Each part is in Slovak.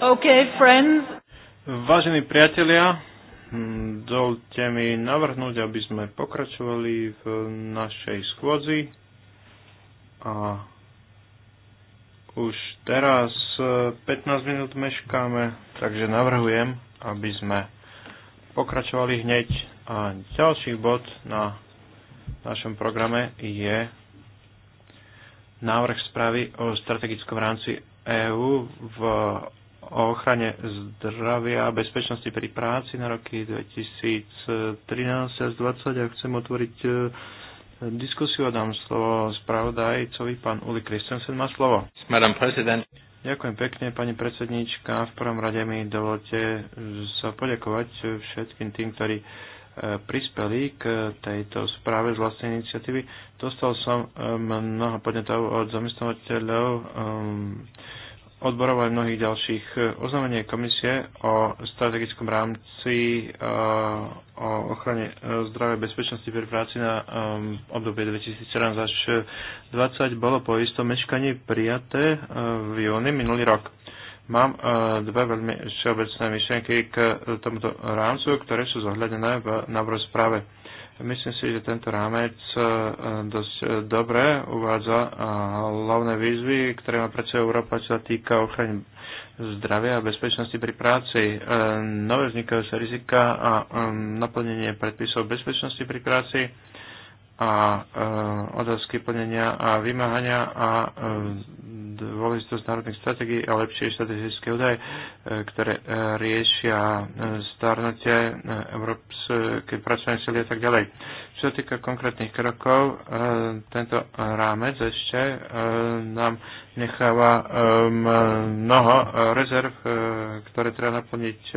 Okay, friends. Vážení priatelia, hm, dovolte mi navrhnúť, aby sme pokračovali v našej skôdzi. A už teraz 15 eh, minút meškáme, takže navrhujem, aby sme pokračovali hneď. A ďalší bod na našom programe je návrh správy o strategickom rámci EÚ v o ochrane zdravia a bezpečnosti pri práci na roky 2013 až 2020 a chcem otvoriť e, diskusiu a dám slovo spravodajcovi, pán Uli Kristensen má slovo. Madam President. Ďakujem pekne, pani predsednička. V prvom rade mi dovolte sa poďakovať všetkým tým, ktorí e, prispeli k tejto správe z vlastnej iniciatívy. Dostal som e, mnoho podnetov od zamestnovateľov odborov a mnohých ďalších. E, oznámenie komisie o strategickom rámci e, o ochrane e, zdravia a bezpečnosti pri práci na obdobie 2017 až 2020 bolo po istom meškaní prijaté v júni minulý rok. Mám dve veľmi všeobecné myšlienky k tomuto rámcu, ktoré sú zohľadené v návrhu správe Myslím si, že tento rámec e, e, dosť e, dobre uvádza hlavné výzvy, ktoré má predsa Európa, čo sa týka ochrany zdravia a bezpečnosti pri práci. Nové vznikajú sa rizika a naplnenie predpisov bezpečnosti pri práci a e, otázky plnenia a vymáhania a e, dôležitosť národných strategií a lepšie štatistické údaje, e, ktoré e, riešia e, starnutie e, európskej pracovnej sily a tak ďalej. Čo sa týka konkrétnych krokov, e, tento rámec ešte e, nám necháva e, mnoho rezerv, e, ktoré treba naplniť. E,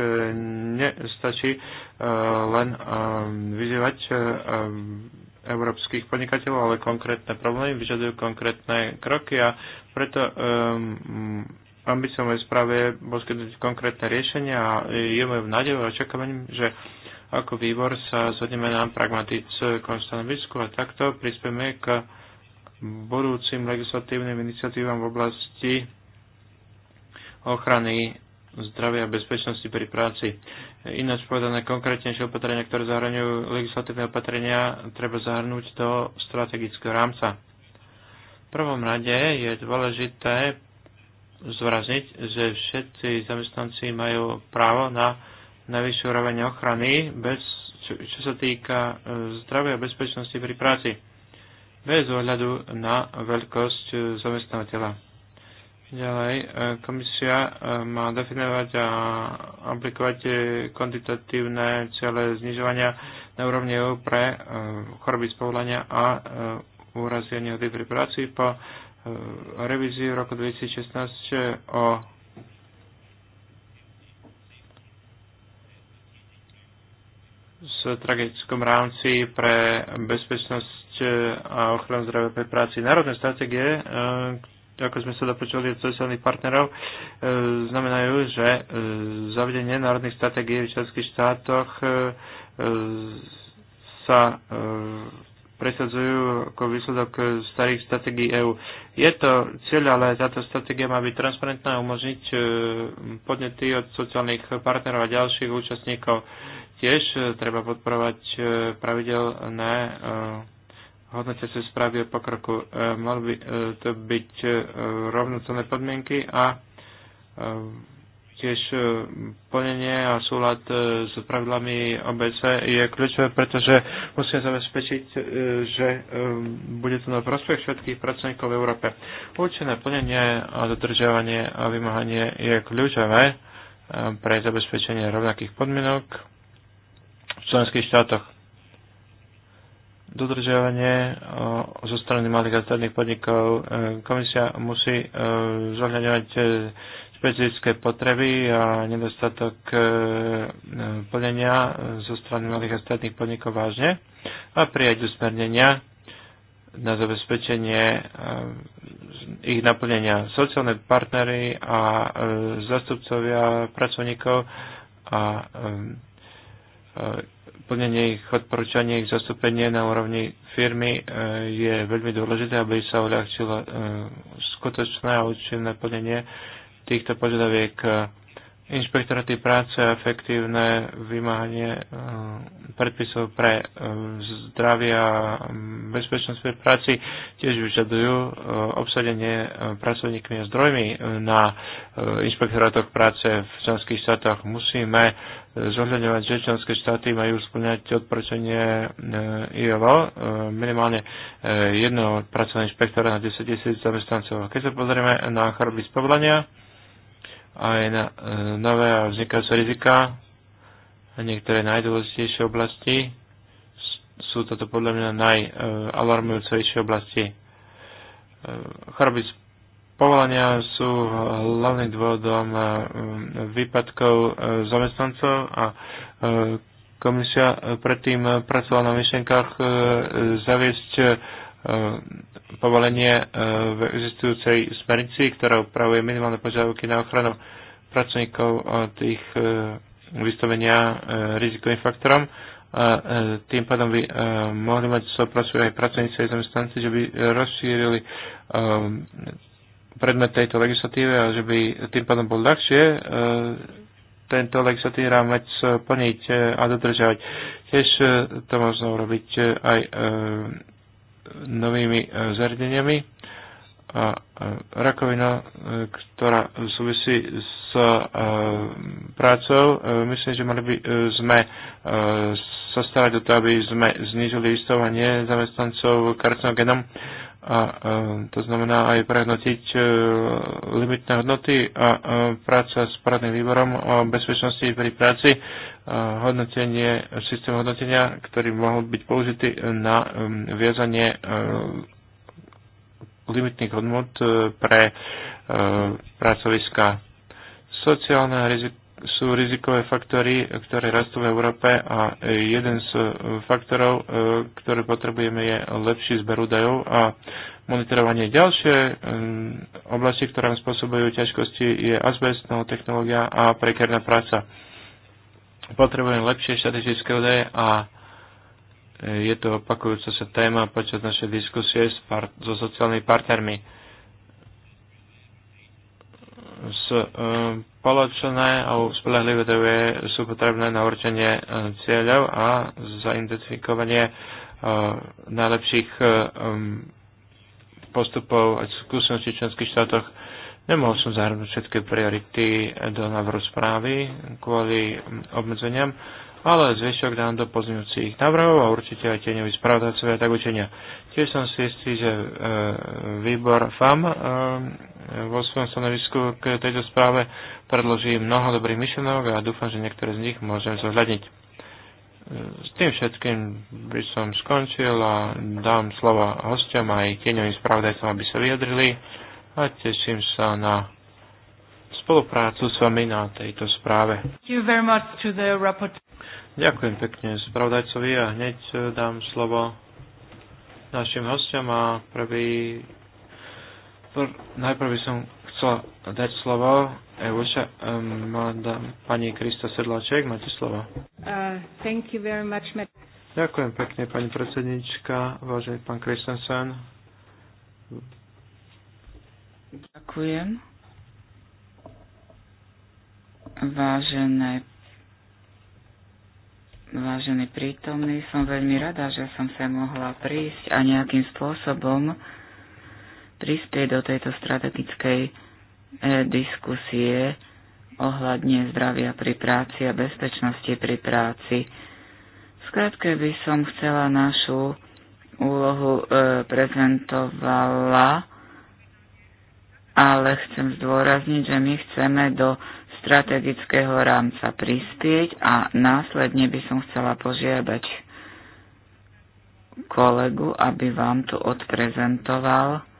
nestačí e, len e, vyzývať e, európskych podnikateľov, ale konkrétne problémy vyžadujú konkrétne kroky a preto um, ehm, ambiciové správe poskytnúť konkrétne riešenia a je mojou nádejou a očakávaním, že ako výbor sa zhodneme na pragmatickom stanovisku a takto prispieme k budúcim legislatívnym iniciatívam v oblasti ochrany zdravia a bezpečnosti pri práci. Ináč povedané konkrétnejšie opatrenia, ktoré zahrňujú legislatívne opatrenia, treba zahrnúť do strategického rámca. V prvom rade je dôležité zvrazniť, že všetci zamestnanci majú právo na najvyššiu úroveň ochrany, bez, čo, čo sa týka e, zdravia a bezpečnosti pri práci, bez ohľadu na veľkosť e, zamestnávateľa Ďalej, e, komisia e, má definovať a aplikovať e, kvantitatívne ciele znižovania na úrovni EU pre choroby z povolania a úrazy a nehody pri práci po revízii v roku 2016 o s tragickom rámci pre bezpečnosť a ochranu zdravia pri práci. Národné stratégie, ako sme sa dopočuli od sociálnych partnerov, e, znamenajú, že e, zavedenie národných stratégií v členských štátoch e, sa presadzujú ako výsledok starých stratégií EÚ. Je to cieľ, ale táto stratégia má byť transparentná a umožniť podnety od sociálnych partnerov a ďalších účastníkov. Tiež treba podporovať pravidelné sa správy o pokroku. E, Mali by e, to byť e, rovnocenné podmienky a tiež plnenie a súlad s pravidlami OBC je kľúčové, pretože musia zabezpečiť, že bude to na prospech všetkých pracovníkov v Európe. Určené plnenie a dodržiavanie a vymáhanie je kľúčové pre zabezpečenie rovnakých podmienok v členských štátoch dodržiavanie e, zo strany malých a stredných podnikov. E, komisia musí e, zohľadňovať špecifické potreby a nedostatok plnenia zo strany malých a stredných podnikov vážne a prijať usmernenia na zabezpečenie ich naplnenia. Sociálne partnery a zastupcovia pracovníkov a plnenie ich odporúčania, ich zastúpenie na úrovni firmy e, je veľmi dôležité, aby sa uľahčilo e, skutočné a účinné plnenie týchto požiadaviek inšpektoráty práce a efektívne vymáhanie e, predpisov pre zdravie a bezpečnosť pri práci tiež vyžadujú obsadenie pracovníkmi a zdrojmi na inšpektorátoch práce v členských štátoch. Musíme zohľadňovať, že členské štáty majú splňať odporúčanie e, ILO, e, minimálne e, jedného pracovného inšpektora na 10 tisíc zamestnancov. Keď sa pozrieme na choroby z povolania, aj na nové a vznikajúce rizika, niektoré najdôležitejšie oblasti, sú toto podľa mňa najalarmujúcejšie oblasti. Choroby z Povolania sú hlavným dôvodom eh, výpadkov eh, zamestnancov a eh, komisia predtým pracovala na myšlenkách zaviesť povolenie v existujúcej smernici, ktorá upravuje minimálne požiadavky na ochranu pracovníkov od ich vystavenia rizikovým faktorom. A tým pádom by mohli mať spolupracovať aj pracovníci aj zamestnanci, že by rozšírili predmet tejto legislatíve a že by tým pádom bol ľahšie e, tento legislatívny rámec e, plniť e, a dodržať. Tiež to možno urobiť aj novými zariadeniami. A rakovina, ktorá súvisí s prácou, myslím, že mali by sme sa starať o to, aby sme znižili vystavovanie zamestnancov karcinogénom a e, to znamená aj prehodnotiť e, limitné hodnoty a e, práca s poradným výborom o bezpečnosti pri práci, hodnotenie, systém hodnotenia, ktorý mohol byť použitý na viazanie limitných hodnot pre pracoviska. Sociálne riziko sú rizikové faktory, ktoré rastú v Európe a jeden z faktorov, e, ktoré potrebujeme, je lepší zber údajov a monitorovanie. Ďalšie e, oblasti, ktoré nám spôsobujú ťažkosti, je asbestná technológia a prekárna práca. Potrebujeme lepšie štatistické údaje a e, je to opakujúca sa téma počas našej diskusie so sociálnymi partnermi z spoločné e, a spolahlivé DV sú potrebné na určenie e, cieľov a zaidentifikovanie e, najlepších postupov a skúseností v členských štátoch. Nemohol som zahrnúť všetky priority do návrhu správy kvôli obmedzeniam, ale zvyšok dám do pozňujúcich návrhov a určite aj tieňový spravodajcovia tak učenia. Tiež som si istý, že výbor FAM vo svojom stanovisku k tejto správe predloží mnoho dobrých myšlenok a dúfam, že niektoré z nich môžem zohľadniť. S tým všetkým by som skončil a dám slova hostiam aj tieňovým spravodajcom, aby sa vyjadrili a teším sa na spoluprácu s vami na tejto správe. Ďakujem pekne spravodajcovi a hneď dám slovo našim hostiam a prvý Najprv, najprv by som chcela dať slovo Evoša, um, madam, pani Krista Sedláček, máte slovo. Uh, thank you very much, Ďakujem pekne, pani predsednička, vážený pán Kristensen. Ďakujem. Vážené Vážený prítomný, som veľmi rada, že som sa mohla prísť a nejakým spôsobom uh, prispieť do tejto strategickej e, diskusie ohľadne zdravia pri práci a bezpečnosti pri práci. Skrátke by som chcela našu úlohu e, prezentovala, ale chcem zdôrazniť, že my chceme do strategického rámca prispieť a následne by som chcela požiadať kolegu, aby vám tu odprezentoval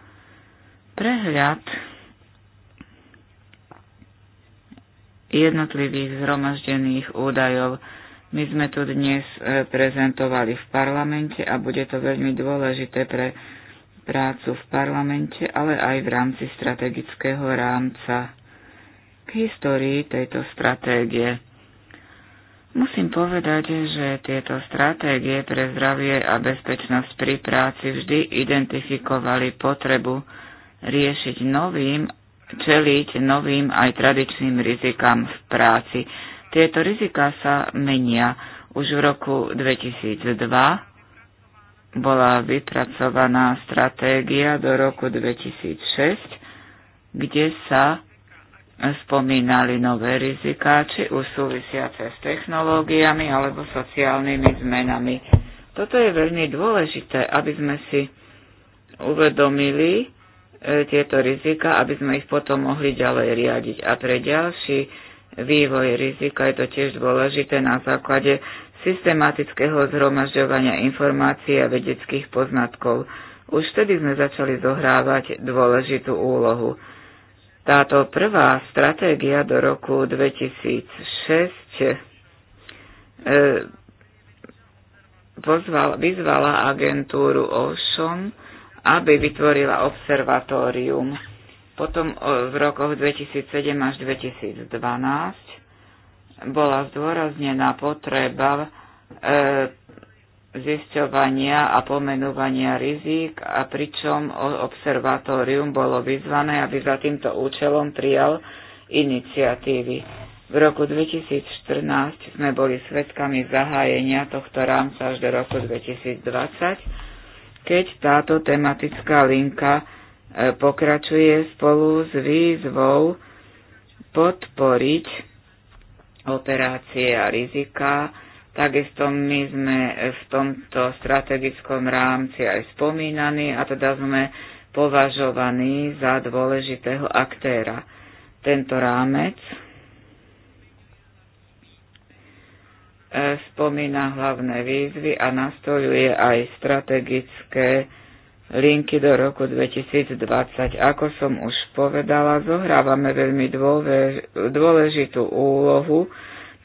Prehľad jednotlivých zhromaždených údajov. My sme tu dnes e, prezentovali v parlamente a bude to veľmi dôležité pre prácu v parlamente, ale aj v rámci strategického rámca. K histórii tejto stratégie. Musím povedať, že tieto stratégie pre zdravie a bezpečnosť pri práci vždy identifikovali potrebu riešiť novým, čeliť novým aj tradičným rizikám v práci. Tieto riziká sa menia. Už v roku 2002 bola vypracovaná stratégia do roku 2006, kde sa spomínali nové rizika, či už súvisiace s technológiami alebo sociálnymi zmenami. Toto je veľmi dôležité, aby sme si uvedomili, E, tieto rizika, aby sme ich potom mohli ďalej riadiť. A pre ďalší vývoj rizika je to tiež dôležité na základe systematického zhromažďovania informácií a vedeckých poznatkov. Už vtedy sme začali zohrávať dôležitú úlohu. Táto prvá stratégia do roku 2006 e, pozval, vyzvala agentúru OSHON, aby vytvorila observatórium. Potom e, v rokoch 2007 až 2012 bola zdôraznená potreba e, zisťovania a pomenovania rizík a pričom observatórium bolo vyzvané, aby za týmto účelom prijal iniciatívy. V roku 2014 sme boli svedkami zahájenia tohto rámca až do roku 2020 keď táto tematická linka e, pokračuje spolu s výzvou podporiť operácie a rizika. Takisto my sme v tomto strategickom rámci aj spomínaní a teda sme považovaní za dôležitého aktéra. Tento rámec E, spomína hlavné výzvy a nastoluje aj strategické linky do roku 2020. Ako som už povedala, zohrávame veľmi dôležitú úlohu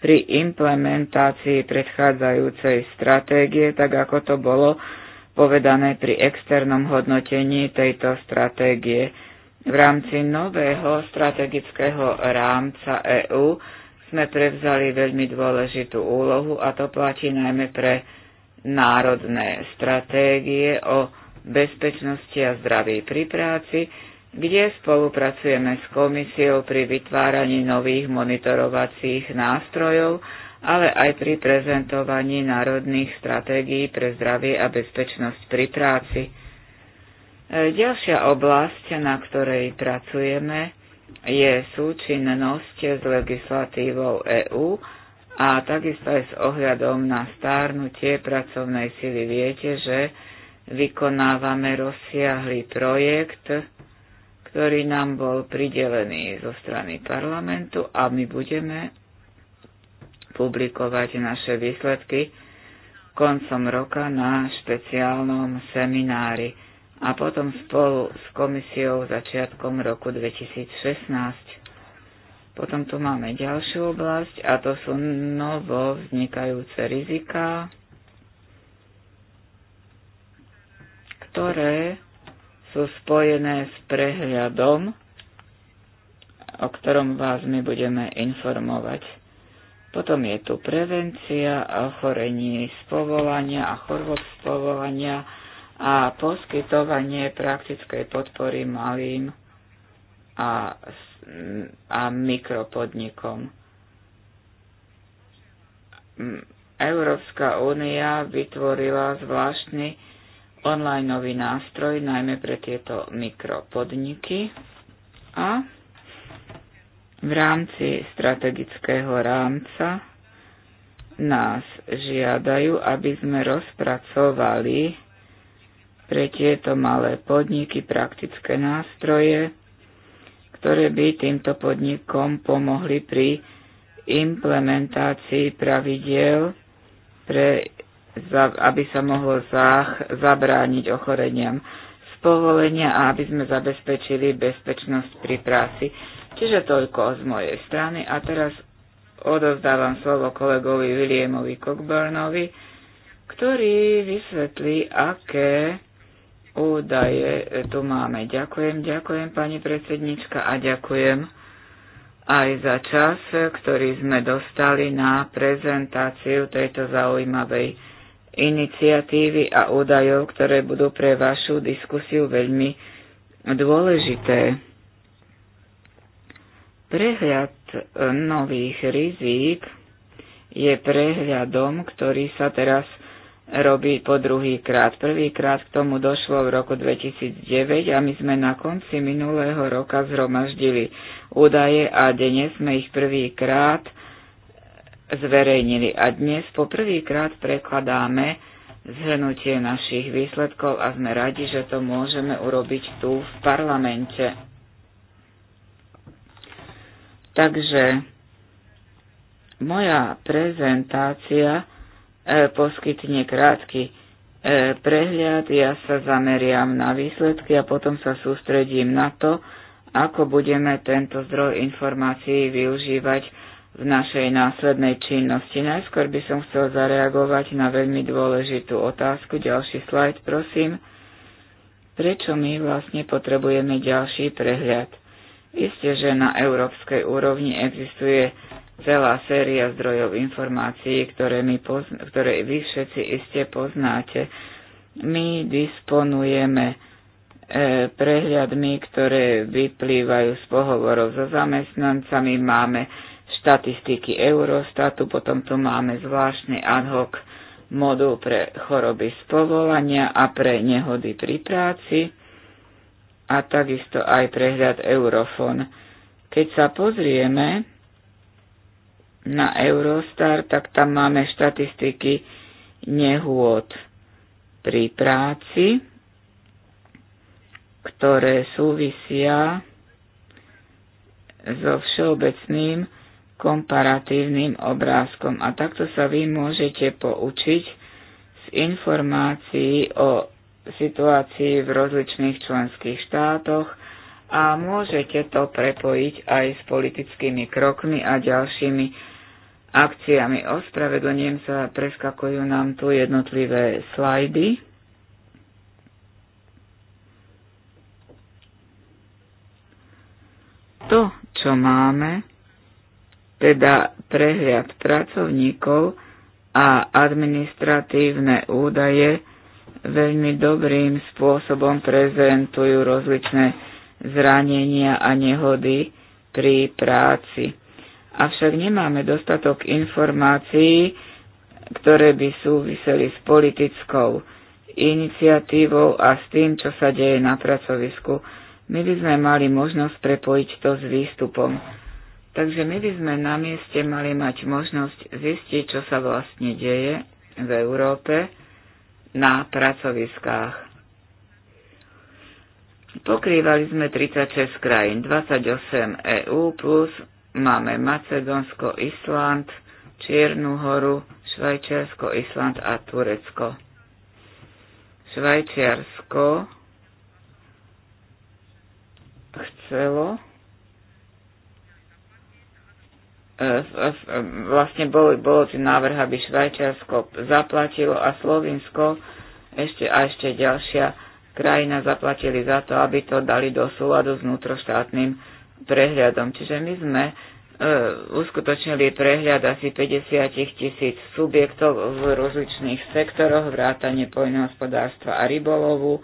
pri implementácii predchádzajúcej stratégie, tak ako to bolo povedané pri externom hodnotení tejto stratégie. V rámci nového strategického rámca EÚ sme prevzali veľmi dôležitú úlohu a to platí najmä pre národné stratégie o bezpečnosti a zdraví pri práci, kde spolupracujeme s komisiou pri vytváraní nových monitorovacích nástrojov, ale aj pri prezentovaní národných stratégií pre zdravie a bezpečnosť pri práci. E, ďalšia oblasť, na ktorej pracujeme, je súčinnosť s legislatívou EÚ a takisto aj s ohľadom na stárnutie pracovnej sily. Viete, že vykonávame rozsiahly projekt, ktorý nám bol pridelený zo strany parlamentu a my budeme publikovať naše výsledky koncom roka na špeciálnom seminári a potom spolu s komisiou začiatkom roku 2016. Potom tu máme ďalšiu oblasť a to sú novo vznikajúce riziká, ktoré sú spojené s prehľadom, o ktorom vás my budeme informovať. Potom je tu prevencia a ochorení z povolania a chorob z povolania, a poskytovanie praktickej podpory malým a, a mikropodnikom. Európska únia vytvorila zvláštny online nový nástroj najmä pre tieto mikropodniky a v rámci strategického rámca nás žiadajú, aby sme rozpracovali pre tieto malé podniky praktické nástroje, ktoré by týmto podnikom pomohli pri implementácii pravidiel, pre, aby sa mohlo zách, zabrániť ochoreniam z povolenia a aby sme zabezpečili bezpečnosť pri práci. Čiže toľko z mojej strany a teraz odovzdávam slovo kolegovi Williamovi Cockburnovi, ktorý vysvetlí, aké údaje tu máme. Ďakujem, ďakujem pani predsednička a ďakujem aj za čas, ktorý sme dostali na prezentáciu tejto zaujímavej iniciatívy a údajov, ktoré budú pre vašu diskusiu veľmi dôležité. Prehľad nových rizík je prehľadom, ktorý sa teraz robí po druhý krát. Prvýkrát k tomu došlo v roku 2009 a my sme na konci minulého roka zhromaždili údaje a dnes sme ich prvýkrát zverejnili. A dnes po prvýkrát prekladáme zhrnutie našich výsledkov a sme radi, že to môžeme urobiť tu v parlamente. Takže moja prezentácia E, poskytne krátky e, prehľad, ja sa zameriam na výsledky a potom sa sústredím na to, ako budeme tento zdroj informácií využívať v našej následnej činnosti. Najskôr by som chcel zareagovať na veľmi dôležitú otázku. Ďalší slajd, prosím. Prečo my vlastne potrebujeme ďalší prehľad? Isté, že na európskej úrovni existuje celá séria zdrojov informácií, ktoré, my pozna- ktoré vy všetci iste poznáte. My disponujeme e, prehľadmi, ktoré vyplývajú z pohovorov so zamestnancami, máme štatistiky Eurostatu, potom tu máme zvláštny ad hoc modul pre choroby z povolania a pre nehody pri práci a takisto aj prehľad Eurofon. Keď sa pozrieme, na Eurostar, tak tam máme štatistiky nehôd pri práci, ktoré súvisia so všeobecným komparatívnym obrázkom. A takto sa vy môžete poučiť z informácií o situácii v rozličných členských štátoch a môžete to prepojiť aj s politickými krokmi a ďalšími akciami. Ospravedlňujem sa, preskakujú nám tu jednotlivé slajdy. To, čo máme, teda prehľad pracovníkov a administratívne údaje, veľmi dobrým spôsobom prezentujú rozličné zranenia a nehody pri práci avšak nemáme dostatok informácií, ktoré by súviseli s politickou iniciatívou a s tým, čo sa deje na pracovisku. My by sme mali možnosť prepojiť to s výstupom. Takže my by sme na mieste mali mať možnosť zistiť, čo sa vlastne deje v Európe na pracoviskách. Pokrývali sme 36 krajín, 28 EÚ plus Máme Macedónsko, Island, Čiernu horu, Švajčiarsko, Island a Turecko. Švajčiarsko chcelo e, e, e, vlastne bol, bolo tu návrh, aby Švajčiarsko zaplatilo a Slovinsko ešte a ešte ďalšia krajina zaplatili za to, aby to dali do súladu s vnútroštátnym prehľadom. Čiže my sme e, uskutočnili prehľad asi 50 tisíc subjektov v rozličných sektoroch, vrátane poľnohospodárstva a rybolovu.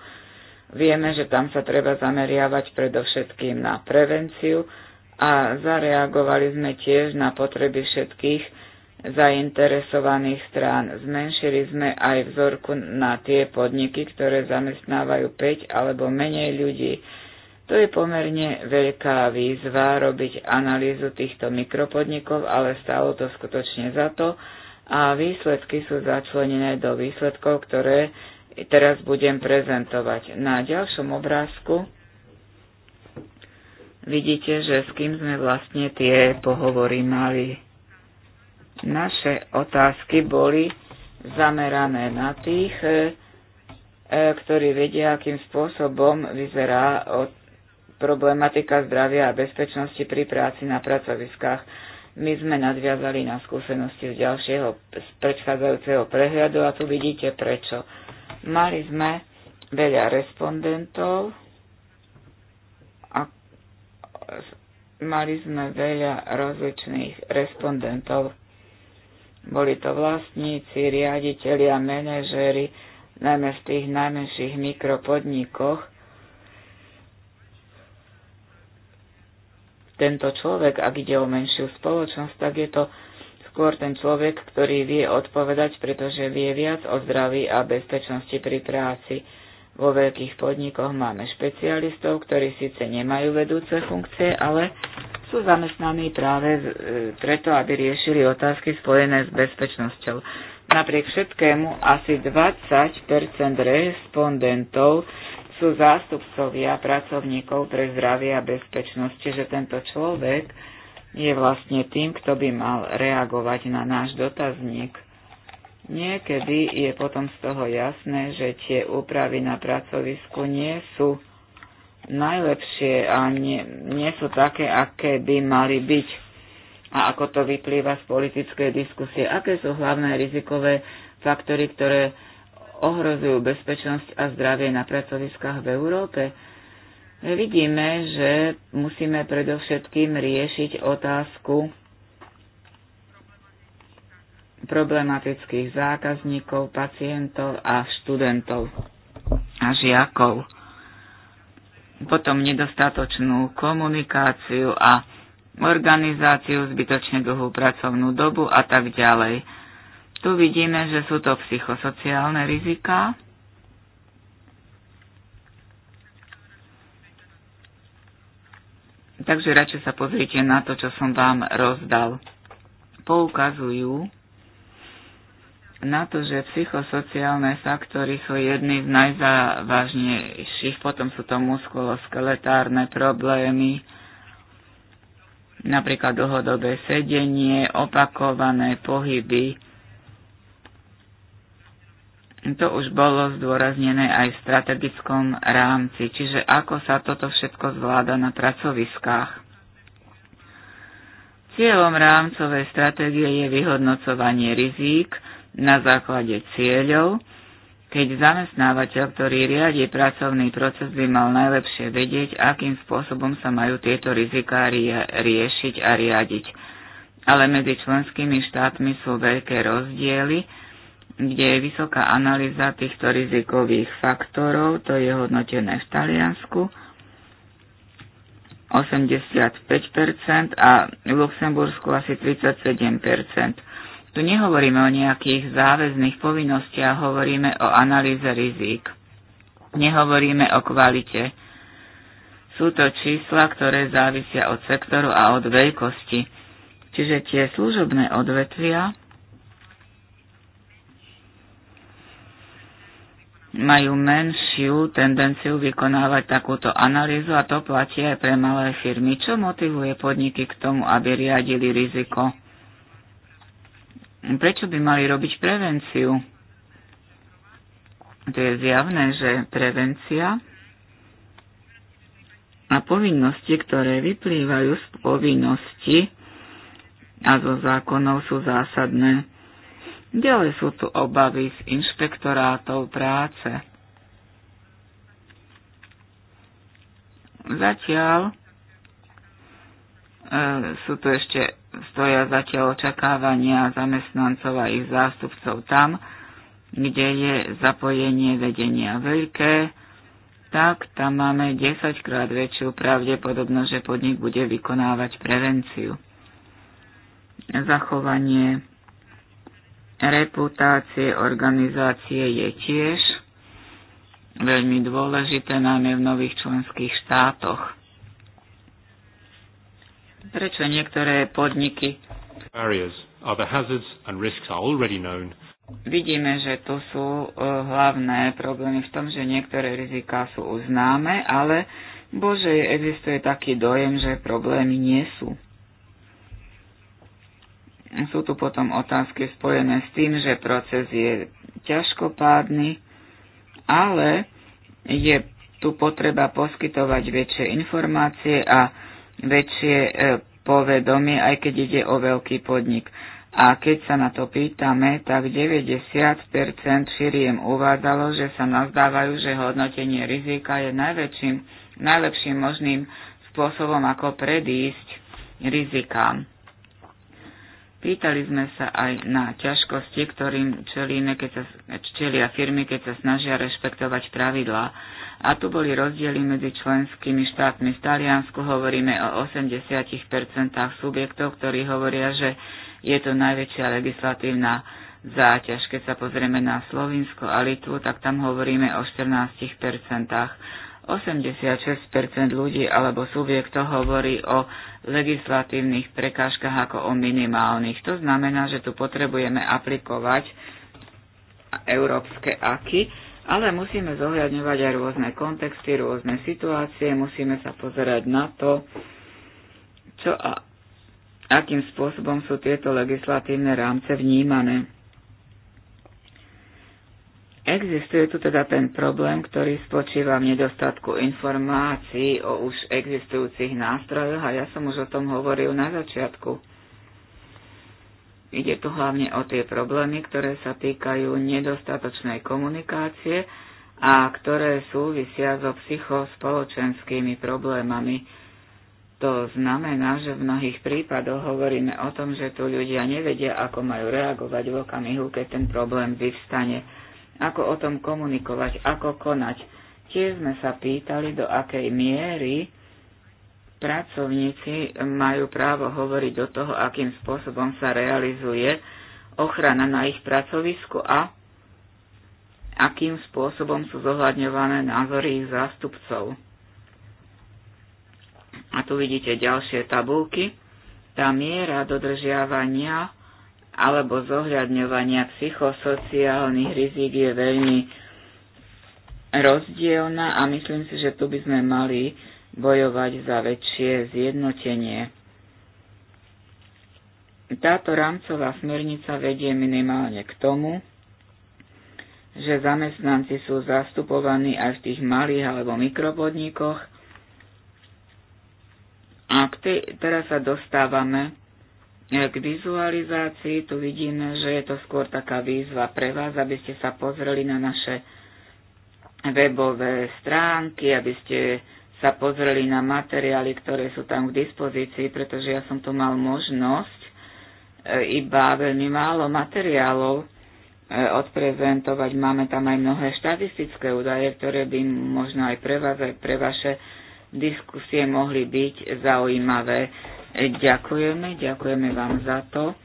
Vieme, že tam sa treba zameriavať predovšetkým na prevenciu a zareagovali sme tiež na potreby všetkých zainteresovaných strán. Zmenšili sme aj vzorku na tie podniky, ktoré zamestnávajú 5 alebo menej ľudí to je pomerne veľká výzva robiť analýzu týchto mikropodnikov, ale stálo to skutočne za to a výsledky sú začlenené do výsledkov, ktoré teraz budem prezentovať. Na ďalšom obrázku vidíte, že s kým sme vlastne tie pohovory mali. Naše otázky boli zamerané na tých, e, ktorí vedia, akým spôsobom vyzerá od problematika zdravia a bezpečnosti pri práci na pracoviskách. My sme nadviazali na skúsenosti z ďalšieho, z predchádzajúceho prehľadu a tu vidíte prečo. Mali sme veľa respondentov a mali sme veľa rozličných respondentov. Boli to vlastníci, riaditeľi a manažéri, najmä v tých najmenších mikropodnikoch, tento človek, ak ide o menšiu spoločnosť, tak je to skôr ten človek, ktorý vie odpovedať, pretože vie viac o zdraví a bezpečnosti pri práci. Vo veľkých podnikoch máme špecialistov, ktorí síce nemajú vedúce funkcie, ale sú zamestnaní práve preto, aby riešili otázky spojené s bezpečnosťou. Napriek všetkému asi 20 respondentov sú zástupcovia pracovníkov pre zdravie a bezpečnosť, čiže tento človek je vlastne tým, kto by mal reagovať na náš dotazník. Niekedy je potom z toho jasné, že tie úpravy na pracovisku nie sú najlepšie a nie, nie sú také, aké by mali byť. A ako to vyplýva z politickej diskusie, aké sú hlavné rizikové faktory, ktoré ohrozujú bezpečnosť a zdravie na pracoviskách v Európe? Vidíme, že musíme predovšetkým riešiť otázku problematických zákazníkov, pacientov a študentov a žiakov. Potom nedostatočnú komunikáciu a organizáciu, zbytočne dlhú pracovnú dobu a tak ďalej. Tu vidíme, že sú to psychosociálne riziká. Takže radšej sa pozrite na to, čo som vám rozdal. Poukazujú na to, že psychosociálne faktory sú jedny z najzávažnejších, potom sú to muskuloskeletárne problémy, napríklad dlhodobé sedenie, opakované pohyby to už bolo zdôraznené aj v strategickom rámci, čiže ako sa toto všetko zvláda na pracoviskách. Cieľom rámcovej stratégie je vyhodnocovanie rizík na základe cieľov, keď zamestnávateľ, ktorý riadi pracovný proces, by mal najlepšie vedieť, akým spôsobom sa majú tieto riziká riešiť a riadiť. Ale medzi členskými štátmi sú veľké rozdiely, kde je vysoká analýza týchto rizikových faktorov, to je hodnotené v Taliansku 85% a v Luxembursku asi 37%. Tu nehovoríme o nejakých záväzných povinnostiach, hovoríme o analýze rizík. Nehovoríme o kvalite. Sú to čísla, ktoré závisia od sektoru a od veľkosti. Čiže tie služobné odvetvia majú menšiu tendenciu vykonávať takúto analýzu a to platí aj pre malé firmy. Čo motivuje podniky k tomu, aby riadili riziko? Prečo by mali robiť prevenciu? To je zjavné, že prevencia a povinnosti, ktoré vyplývajú z povinnosti a zo zákonov sú zásadné. Ďalej sú tu obavy z inšpektorátov práce. Zatiaľ e, sú tu ešte stoja zatiaľ očakávania zamestnancov a ich zástupcov tam, kde je zapojenie vedenia veľké, tak tam máme 10 krát väčšiu pravdepodobnosť, že podnik bude vykonávať prevenciu. Zachovanie reputácie organizácie je tiež veľmi dôležité, najmä v nových členských štátoch. Prečo niektoré podniky Vidíme, že tu sú eh, hlavné problémy v tom, že niektoré riziká sú uznáme, ale bože, existuje taký dojem, že problémy nie sú. Sú tu potom otázky spojené s tým, že proces je ťažkopádny, ale je tu potreba poskytovať väčšie informácie a väčšie e, povedomie, aj keď ide o veľký podnik. A keď sa na to pýtame, tak 90% širiem uvádzalo, že sa nazdávajú, že hodnotenie rizika je najväčším, najlepším možným spôsobom, ako predísť rizikám. Pýtali sme sa aj na ťažkosti, ktorým čelíme, keď sa, čelia firmy, keď sa snažia rešpektovať pravidlá. A tu boli rozdiely medzi členskými štátmi. V Taliansku hovoríme o 80% subjektov, ktorí hovoria, že je to najväčšia legislatívna záťaž. Keď sa pozrieme na Slovinsko a Litvu, tak tam hovoríme o 14%. 86 ľudí alebo subjektov hovorí o legislatívnych prekážkach ako o minimálnych. To znamená, že tu potrebujeme aplikovať európske aky, ale musíme zohľadňovať aj rôzne kontexty, rôzne situácie, musíme sa pozerať na to, čo a akým spôsobom sú tieto legislatívne rámce vnímané. Existuje tu teda ten problém, ktorý spočíva v nedostatku informácií o už existujúcich nástrojoch a ja som už o tom hovoril na začiatku. Ide tu hlavne o tie problémy, ktoré sa týkajú nedostatočnej komunikácie a ktoré súvisia so psychospoločenskými problémami. To znamená, že v mnohých prípadoch hovoríme o tom, že tu ľudia nevedia, ako majú reagovať v okamihu, keď ten problém vyvstane ako o tom komunikovať, ako konať. Tiež sme sa pýtali, do akej miery pracovníci majú právo hovoriť do toho, akým spôsobom sa realizuje ochrana na ich pracovisku a akým spôsobom sú zohľadňované názory ich zástupcov. A tu vidíte ďalšie tabulky. Tá miera dodržiavania alebo zohľadňovania psychosociálnych rizik je veľmi rozdielna a myslím si, že tu by sme mali bojovať za väčšie zjednotenie. Táto rámcová smernica vedie minimálne k tomu, že zamestnanci sú zastupovaní aj v tých malých alebo mikropodnikoch. A tej, teraz sa dostávame k vizualizácii. Tu vidíme, že je to skôr taká výzva pre vás, aby ste sa pozreli na naše webové stránky, aby ste sa pozreli na materiály, ktoré sú tam k dispozícii, pretože ja som tu mal možnosť e, iba veľmi málo materiálov e, odprezentovať. Máme tam aj mnohé štatistické údaje, ktoré by možno aj pre vás, aj pre vaše diskusie mohli byť zaujímavé. Ďakujeme, ďakujeme vám za to.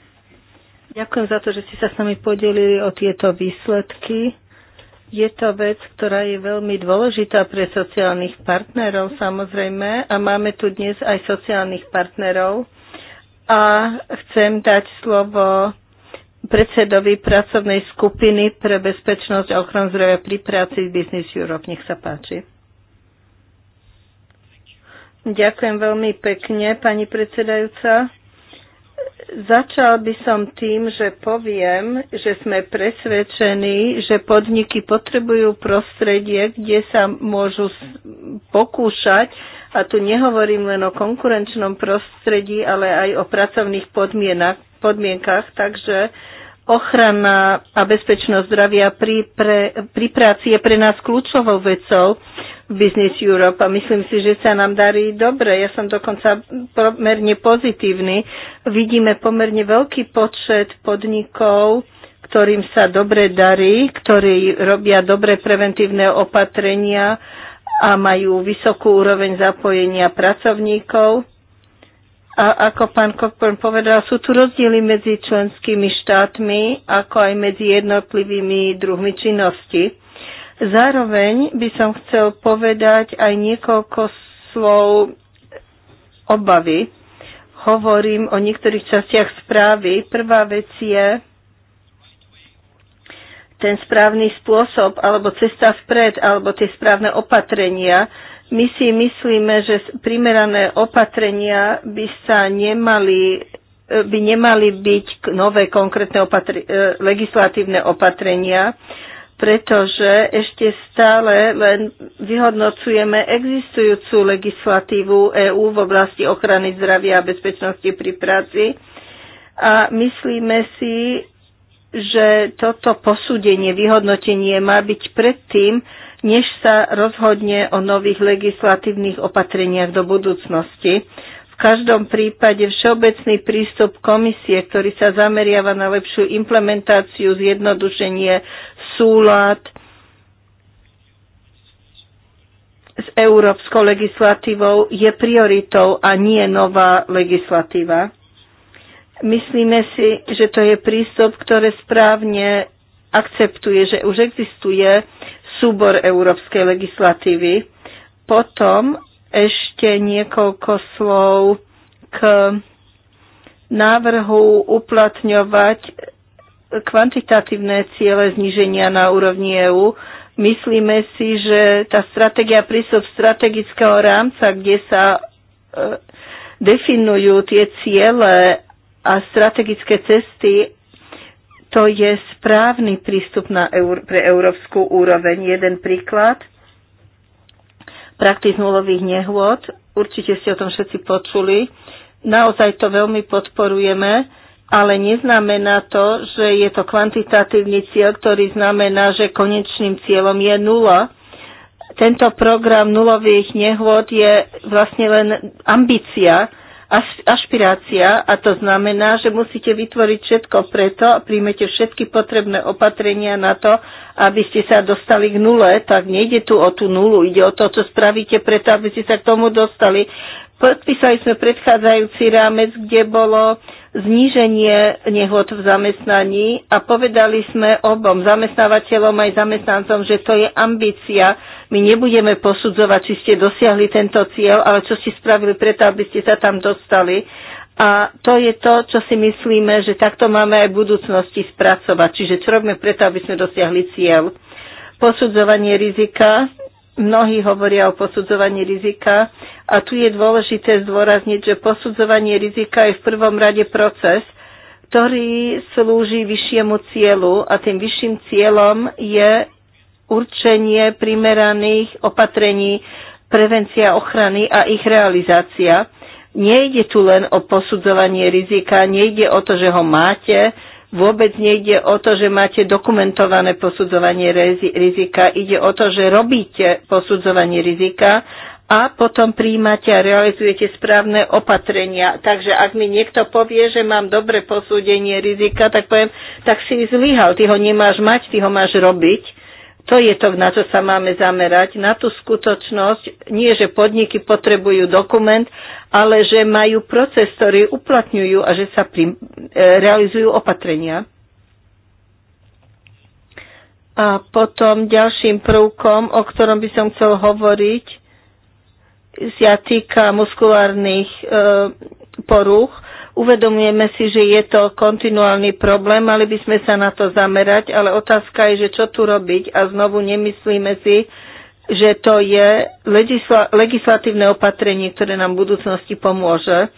Ďakujem za to, že ste sa s nami podelili o tieto výsledky. Je to vec, ktorá je veľmi dôležitá pre sociálnych partnerov samozrejme a máme tu dnes aj sociálnych partnerov. A chcem dať slovo predsedovi pracovnej skupiny pre bezpečnosť a ochranu zdravia pri práci v Business Europe. Nech sa páči. Ďakujem veľmi pekne, pani predsedajúca. Začal by som tým, že poviem, že sme presvedčení, že podniky potrebujú prostredie, kde sa môžu pokúšať, a tu nehovorím len o konkurenčnom prostredí, ale aj o pracovných podmienkach, takže ochrana a bezpečnosť zdravia pri, pre, pri práci je pre nás kľúčovou vecou. Business Europe a myslím si, že sa nám darí dobre. Ja som dokonca pomerne pozitívny. Vidíme pomerne veľký počet podnikov, ktorým sa dobre darí, ktorí robia dobre preventívne opatrenia a majú vysokú úroveň zapojenia pracovníkov. A ako pán Cockburn povedal, sú tu rozdiely medzi členskými štátmi, ako aj medzi jednotlivými druhmi činnosti. Zároveň by som chcel povedať aj niekoľko slov obavy. Hovorím o niektorých častiach správy. Prvá vec je ten správny spôsob, alebo cesta vpred, alebo tie správne opatrenia. My si myslíme, že primerané opatrenia by sa nemali by nemali byť nové konkrétne opatr- e, legislatívne opatrenia, pretože ešte stále len vyhodnocujeme existujúcu legislatívu EÚ v oblasti ochrany zdravia a bezpečnosti pri práci a myslíme si, že toto posúdenie, vyhodnotenie má byť predtým, než sa rozhodne o nových legislatívnych opatreniach do budúcnosti. V každom prípade všeobecný prístup komisie, ktorý sa zameriava na lepšiu implementáciu, zjednodušenie, súlad s európskou legislatívou je prioritou a nie nová legislatíva. Myslíme si, že to je prístup, ktorý správne akceptuje, že už existuje súbor európskej legislatívy. Potom ešte niekoľko slov k návrhu uplatňovať kvantitatívne ciele zníženia na úrovni EÚ. Myslíme si, že tá stratégia prísob strategického rámca, kde sa e, definujú tie ciele a strategické cesty, to je správny prístup na eur, pre európsku úroveň. Jeden príklad, praktiz nulových nehôd, určite ste o tom všetci počuli, naozaj to veľmi podporujeme ale neznamená to, že je to kvantitatívny cieľ, ktorý znamená, že konečným cieľom je nula. Tento program nulových nehôd je vlastne len ambícia, ašpirácia a to znamená, že musíte vytvoriť všetko preto a príjmete všetky potrebné opatrenia na to, aby ste sa dostali k nule, tak nejde tu o tú nulu, ide o to, čo spravíte preto, aby ste sa k tomu dostali. Podpísali sme predchádzajúci rámec, kde bolo zníženie nehod v zamestnaní a povedali sme obom zamestnávateľom aj zamestnancom, že to je ambícia. My nebudeme posudzovať, či ste dosiahli tento cieľ, ale čo ste spravili preto, aby ste sa tam dostali. A to je to, čo si myslíme, že takto máme aj v budúcnosti spracovať. Čiže čo robíme preto, aby sme dosiahli cieľ? Posudzovanie rizika, Mnohí hovoria o posudzovaní rizika a tu je dôležité zdôrazniť, že posudzovanie rizika je v prvom rade proces, ktorý slúži vyššiemu cieľu a tým vyšším cieľom je určenie primeraných opatrení prevencia ochrany a ich realizácia. Nejde tu len o posudzovanie rizika, nejde o to, že ho máte, Vôbec nejde o to, že máte dokumentované posudzovanie rizika, ide o to, že robíte posudzovanie rizika a potom príjmate a realizujete správne opatrenia. Takže ak mi niekto povie, že mám dobre posúdenie rizika, tak poviem, tak si zlyhal, ty ho nemáš mať, ty ho máš robiť. To je to, na čo sa máme zamerať, na tú skutočnosť, nie že podniky potrebujú dokument, ale že majú proces, ktorý uplatňujú a že sa prim, e, realizujú opatrenia. A potom ďalším prvkom, o ktorom by som chcel hovoriť, sa týka muskulárnych e, porúch Uvedomujeme si, že je to kontinuálny problém, mali by sme sa na to zamerať, ale otázka je, že čo tu robiť a znovu nemyslíme si, že to je legisla- legislatívne opatrenie, ktoré nám v budúcnosti pomôže.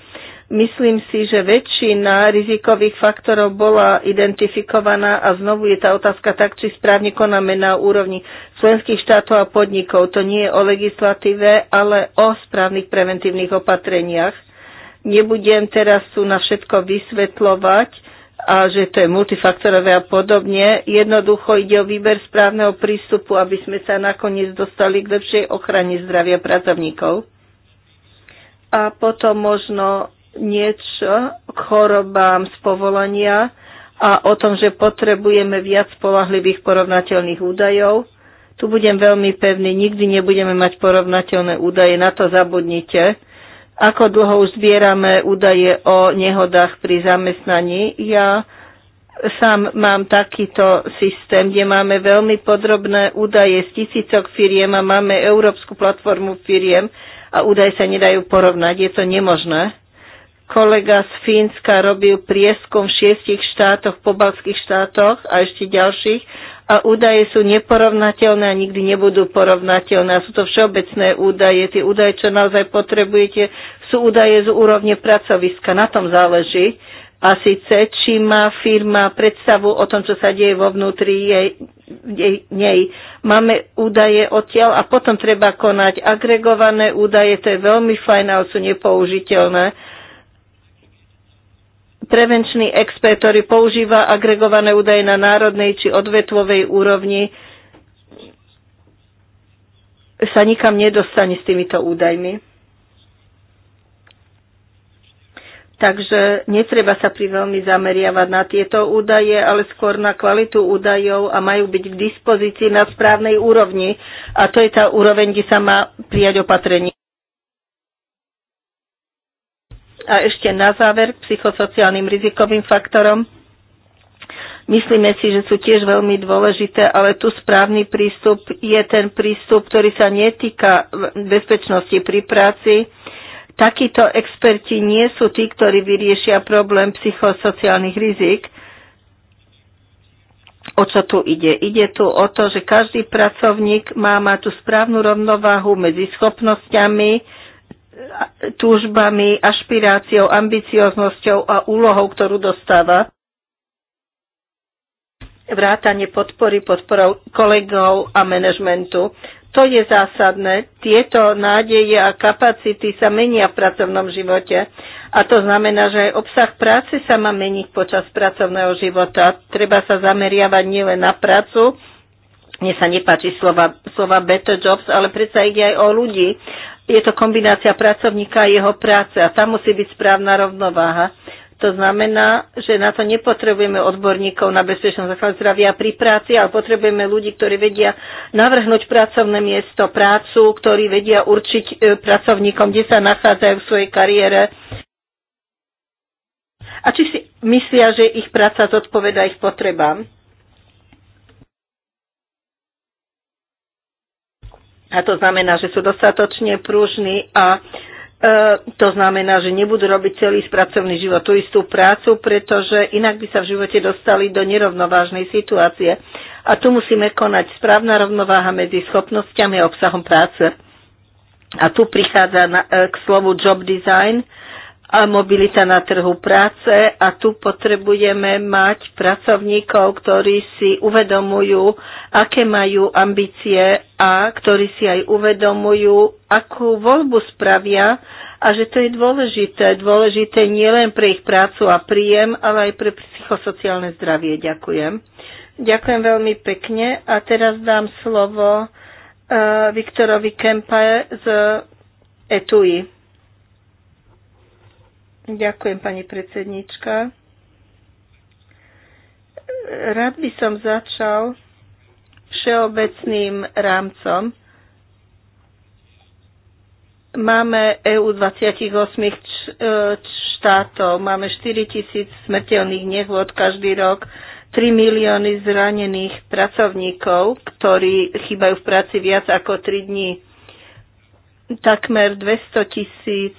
Myslím si, že väčšina rizikových faktorov bola identifikovaná a znovu je tá otázka tak, či správne konáme na úrovni členských štátov a podnikov. To nie je o legislatíve, ale o správnych preventívnych opatreniach Nebudem teraz tu na všetko vysvetľovať a že to je multifaktorové a podobne. Jednoducho ide o výber správneho prístupu, aby sme sa nakoniec dostali k lepšej ochrane zdravia pracovníkov. A potom možno niečo k chorobám z povolania a o tom, že potrebujeme viac spolahlivých porovnateľných údajov. Tu budem veľmi pevný, nikdy nebudeme mať porovnateľné údaje, na to zabudnite ako dlho už zbierame údaje o nehodách pri zamestnaní. Ja sám mám takýto systém, kde máme veľmi podrobné údaje z tisícok firiem a máme európsku platformu firiem a údaje sa nedajú porovnať. Je to nemožné. Kolega z Fínska robil prieskum v šiestich štátoch, pobalských štátoch a ešte ďalších a údaje sú neporovnateľné a nikdy nebudú porovnateľné. a Sú to všeobecné údaje. Tie údaje, čo naozaj potrebujete, sú údaje z úrovne pracoviska. Na tom záleží. A síce, či má firma predstavu o tom, čo sa deje vo vnútri jej, jej, nej. Máme údaje odtiaľ a potom treba konať agregované údaje, to je veľmi fajn, ale sú nepoužiteľné Prevenčný expert, ktorý používa agregované údaje na národnej či odvetvovej úrovni, sa nikam nedostane s týmito údajmi. Takže netreba sa pri veľmi zameriavať na tieto údaje, ale skôr na kvalitu údajov a majú byť k dispozícii na správnej úrovni. A to je tá úroveň, kde sa má prijať opatrenie. A ešte na záver k psychosociálnym rizikovým faktorom. Myslíme si, že sú tiež veľmi dôležité, ale tu správny prístup je ten prístup, ktorý sa netýka bezpečnosti pri práci. Takíto experti nie sú tí, ktorí vyriešia problém psychosociálnych rizik. O čo tu ide? Ide tu o to, že každý pracovník má mať tú správnu rovnováhu medzi schopnosťami, túžbami, ašpiráciou, ambicioznosťou a úlohou, ktorú dostáva. Vrátanie podpory podporou kolegov a manažmentu. To je zásadné. Tieto nádeje a kapacity sa menia v pracovnom živote. A to znamená, že aj obsah práce sa má meniť počas pracovného života. Treba sa zameriavať nielen na prácu, mne sa nepáči slova, slova better jobs, ale predsa ide aj o ľudí je to kombinácia pracovníka a jeho práce a tam musí byť správna rovnováha. To znamená, že na to nepotrebujeme odborníkov na bezpečnosť základ zdravia pri práci, ale potrebujeme ľudí, ktorí vedia navrhnúť pracovné miesto, prácu, ktorí vedia určiť e, pracovníkom, kde sa nachádzajú v svojej kariére. A či si myslia, že ich práca zodpoveda ich potrebám. A to znamená, že sú dostatočne pružní a e, to znamená, že nebudú robiť celý pracovný život tú istú prácu, pretože inak by sa v živote dostali do nerovnovážnej situácie. A tu musíme konať správna rovnováha medzi schopnosťami a obsahom práce. A tu prichádza na, e, k slovu job design, a mobilita na trhu práce a tu potrebujeme mať pracovníkov, ktorí si uvedomujú, aké majú ambície a ktorí si aj uvedomujú, akú voľbu spravia a že to je dôležité. Dôležité nielen pre ich prácu a príjem, ale aj pre psychosociálne zdravie. Ďakujem. Ďakujem veľmi pekne a teraz dám slovo uh, Viktorovi Kempe z ETUI. Ďakujem, pani predsednička. Rád by som začal všeobecným rámcom. Máme EU 28 štátov, máme 4 tisíc smrteľných nehôd každý rok, 3 milióny zranených pracovníkov, ktorí chýbajú v práci viac ako 3 dní, takmer 200 tisíc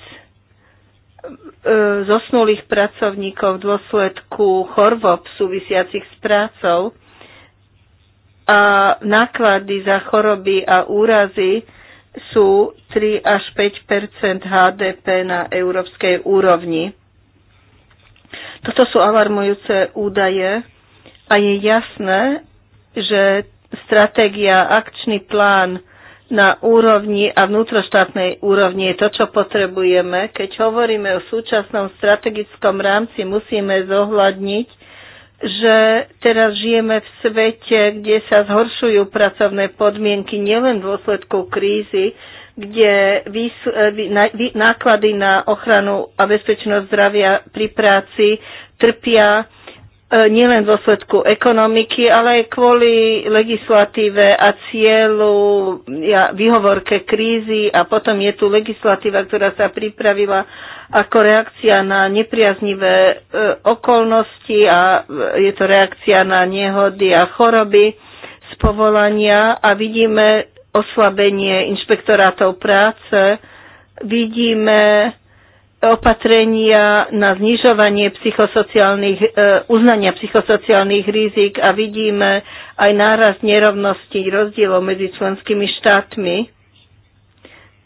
E, zosnulých pracovníkov v dôsledku chorôb súvisiacich s prácou a náklady za choroby a úrazy sú 3 až 5 HDP na európskej úrovni. Toto sú alarmujúce údaje a je jasné, že stratégia, akčný plán na úrovni a vnútroštátnej úrovni je to, čo potrebujeme. Keď hovoríme o súčasnom strategickom rámci, musíme zohľadniť, že teraz žijeme v svete, kde sa zhoršujú pracovné podmienky nielen v dôsledku krízy, kde e, náklady na ochranu a bezpečnosť zdravia pri práci trpia E, nielen v dôsledku ekonomiky, ale aj kvôli legislatíve a cieľu, ja, vyhovorke krízy a potom je tu legislatíva, ktorá sa pripravila ako reakcia na nepriaznivé e, okolnosti a e, je to reakcia na nehody a choroby z povolania a vidíme oslabenie inšpektorátov práce, vidíme opatrenia na znižovanie psychosociálnych, e, uznania psychosociálnych rizik a vidíme aj náraz nerovností rozdielov medzi členskými štátmi.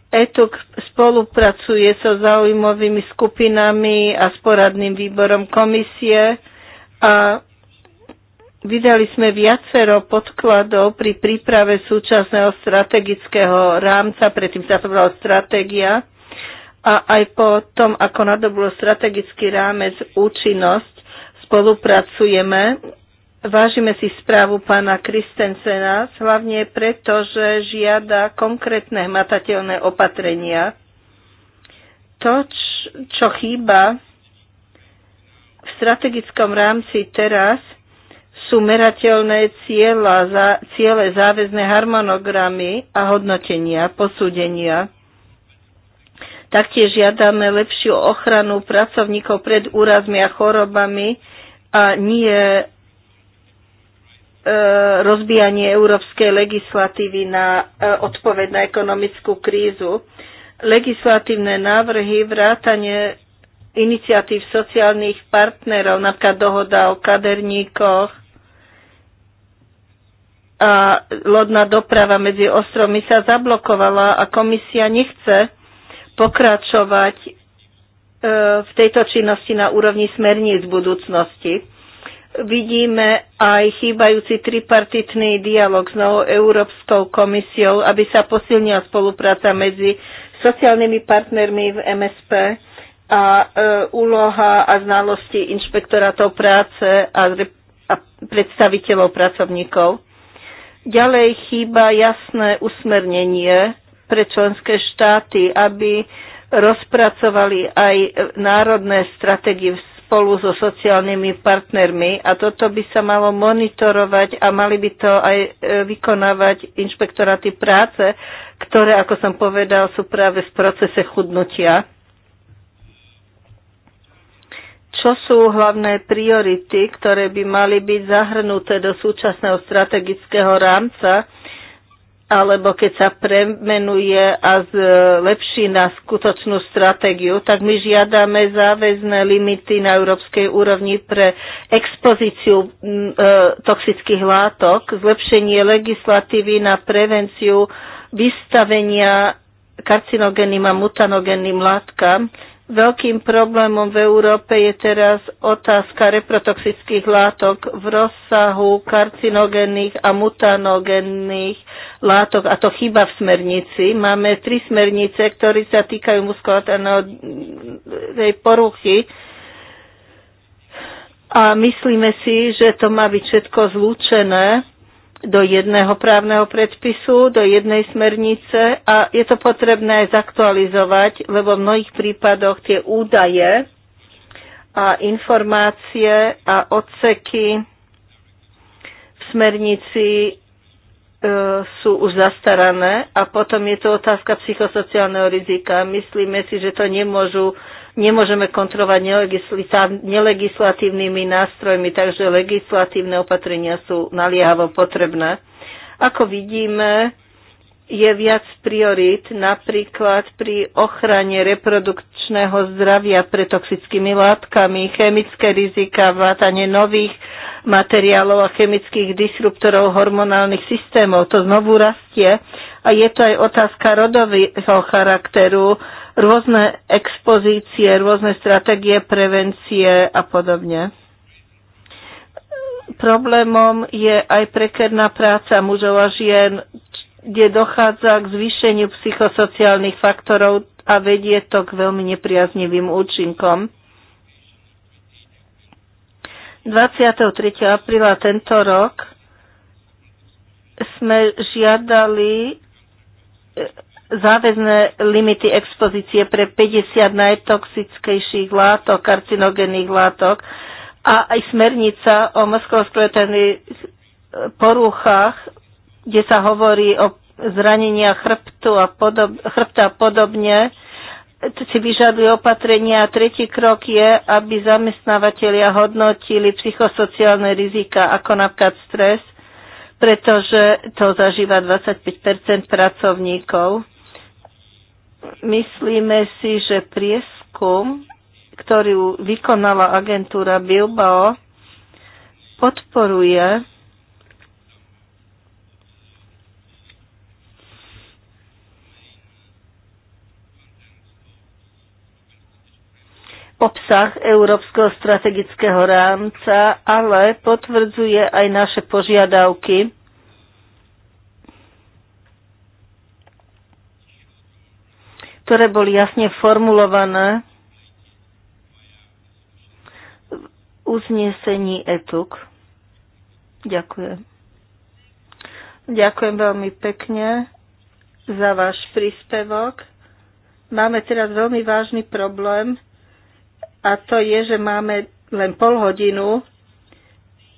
ETUK spolupracuje so zaujímavými skupinami a s poradným výborom komisie a vydali sme viacero podkladov pri príprave súčasného strategického rámca, predtým sa to volala stratégia a aj po tom, ako nadobudol strategický rámec účinnosť, spolupracujeme. Vážime si správu pána Kristensena, hlavne preto, že žiada konkrétne hmatateľné opatrenia. To, čo chýba v strategickom rámci teraz, sú merateľné ciele, záväzné harmonogramy a hodnotenia, posúdenia. Taktiež žiadame lepšiu ochranu pracovníkov pred úrazmi a chorobami a nie e, rozbijanie európskej legislatívy na e, odpoveď na ekonomickú krízu. Legislatívne návrhy, vrátanie iniciatív sociálnych partnerov, napríklad dohoda o kaderníkoch a lodná doprava medzi ostrovmi sa zablokovala a komisia nechce pokračovať e, v tejto činnosti na úrovni smerníc v budúcnosti. Vidíme aj chýbajúci tripartitný dialog s novou Európskou komisiou, aby sa posilnila spolupráca medzi sociálnymi partnermi v MSP a e, úloha a znalosti inšpektorátov práce a, a predstaviteľov pracovníkov. Ďalej chýba jasné usmernenie pre členské štáty, aby rozpracovali aj národné stratégie spolu so sociálnymi partnermi a toto by sa malo monitorovať a mali by to aj e, vykonávať inšpektoráty práce, ktoré, ako som povedal, sú práve v procese chudnutia. Čo sú hlavné priority, ktoré by mali byť zahrnuté do súčasného strategického rámca? alebo keď sa premenuje a zlepší na skutočnú stratégiu, tak my žiadame záväzné limity na európskej úrovni pre expozíciu e, toxických látok, zlepšenie legislatívy na prevenciu vystavenia karcinogenným a mutanogenným látkam, Veľkým problémom v Európe je teraz otázka reprotoxických látok v rozsahu karcinogénnych a mutanogénnych látok, a to chyba v smernici. Máme tri smernice, ktoré sa týkajú muskulatornej poruchy a myslíme si, že to má byť všetko zlúčené do jedného právneho predpisu, do jednej smernice a je to potrebné zaktualizovať, lebo v mnohých prípadoch tie údaje a informácie a odseky v smernici e, sú už zastarané a potom je to otázka psychosociálneho rizika. Myslíme si, že to nemôžu nemôžeme kontrolovať nelegislatívnymi nástrojmi, takže legislatívne opatrenia sú naliehavo potrebné. Ako vidíme, je viac priorit napríklad pri ochrane reprodukčného zdravia pre toxickými látkami, chemické rizika, vrátanie nových materiálov a chemických disruptorov hormonálnych systémov. To znovu rastie a je to aj otázka rodového charakteru, rôzne expozície, rôzne stratégie prevencie a podobne. Problémom je aj prekerná práca mužov a žien, kde dochádza k zvýšeniu psychosociálnych faktorov a vedie to k veľmi nepriaznivým účinkom. 23. apríla tento rok sme žiadali záväzné limity expozície pre 50 najtoxickejších látok, karcinogénnych látok a aj smernica o mozgovskletených e, poruchách, kde sa hovorí o zranenia chrbtu a podob, chrbta a podobne, si vyžaduje opatrenia. A tretí krok je, aby zamestnávateľia hodnotili psychosociálne rizika, ako napríklad stres, pretože to zažíva 25 pracovníkov. Myslíme si, že prieskum, ktorý vykonala agentúra Bilbao, podporuje obsah Európskeho strategického rámca, ale potvrdzuje aj naše požiadavky ktoré boli jasne formulované v uznesení ETUK. Ďakujem. Ďakujem veľmi pekne za váš príspevok. Máme teraz veľmi vážny problém a to je, že máme len pol hodinu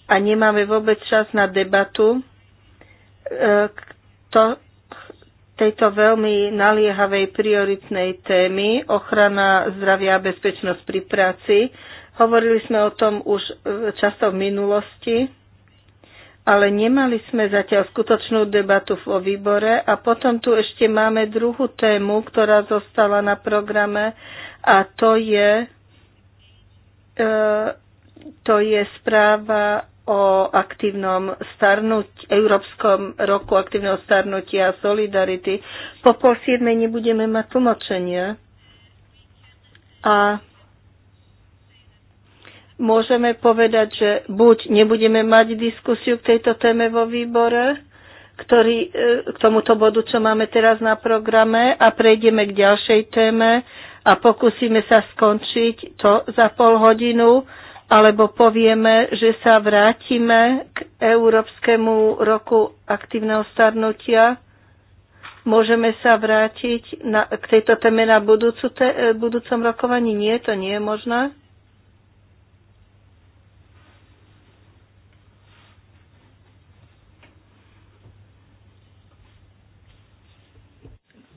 a nemáme vôbec čas na debatu. E, to, tejto veľmi naliehavej prioritnej témy ochrana zdravia a bezpečnosť pri práci. Hovorili sme o tom už e, často v minulosti, ale nemali sme zatiaľ skutočnú debatu vo výbore a potom tu ešte máme druhú tému, ktorá zostala na programe a to je, e, to je správa o aktívnom starnúť, Európskom roku aktívneho starnutia a solidarity. Po pol siedmej nebudeme mať tlmočenie a môžeme povedať, že buď nebudeme mať diskusiu k tejto téme vo výbore, ktorý, e, k tomuto bodu, čo máme teraz na programe a prejdeme k ďalšej téme a pokúsime sa skončiť to za pol hodinu alebo povieme, že sa vrátime k Európskemu roku aktívneho starnutia, môžeme sa vrátiť na, k tejto téme na budúcu te, e, budúcom rokovaní? Nie, to nie je možné.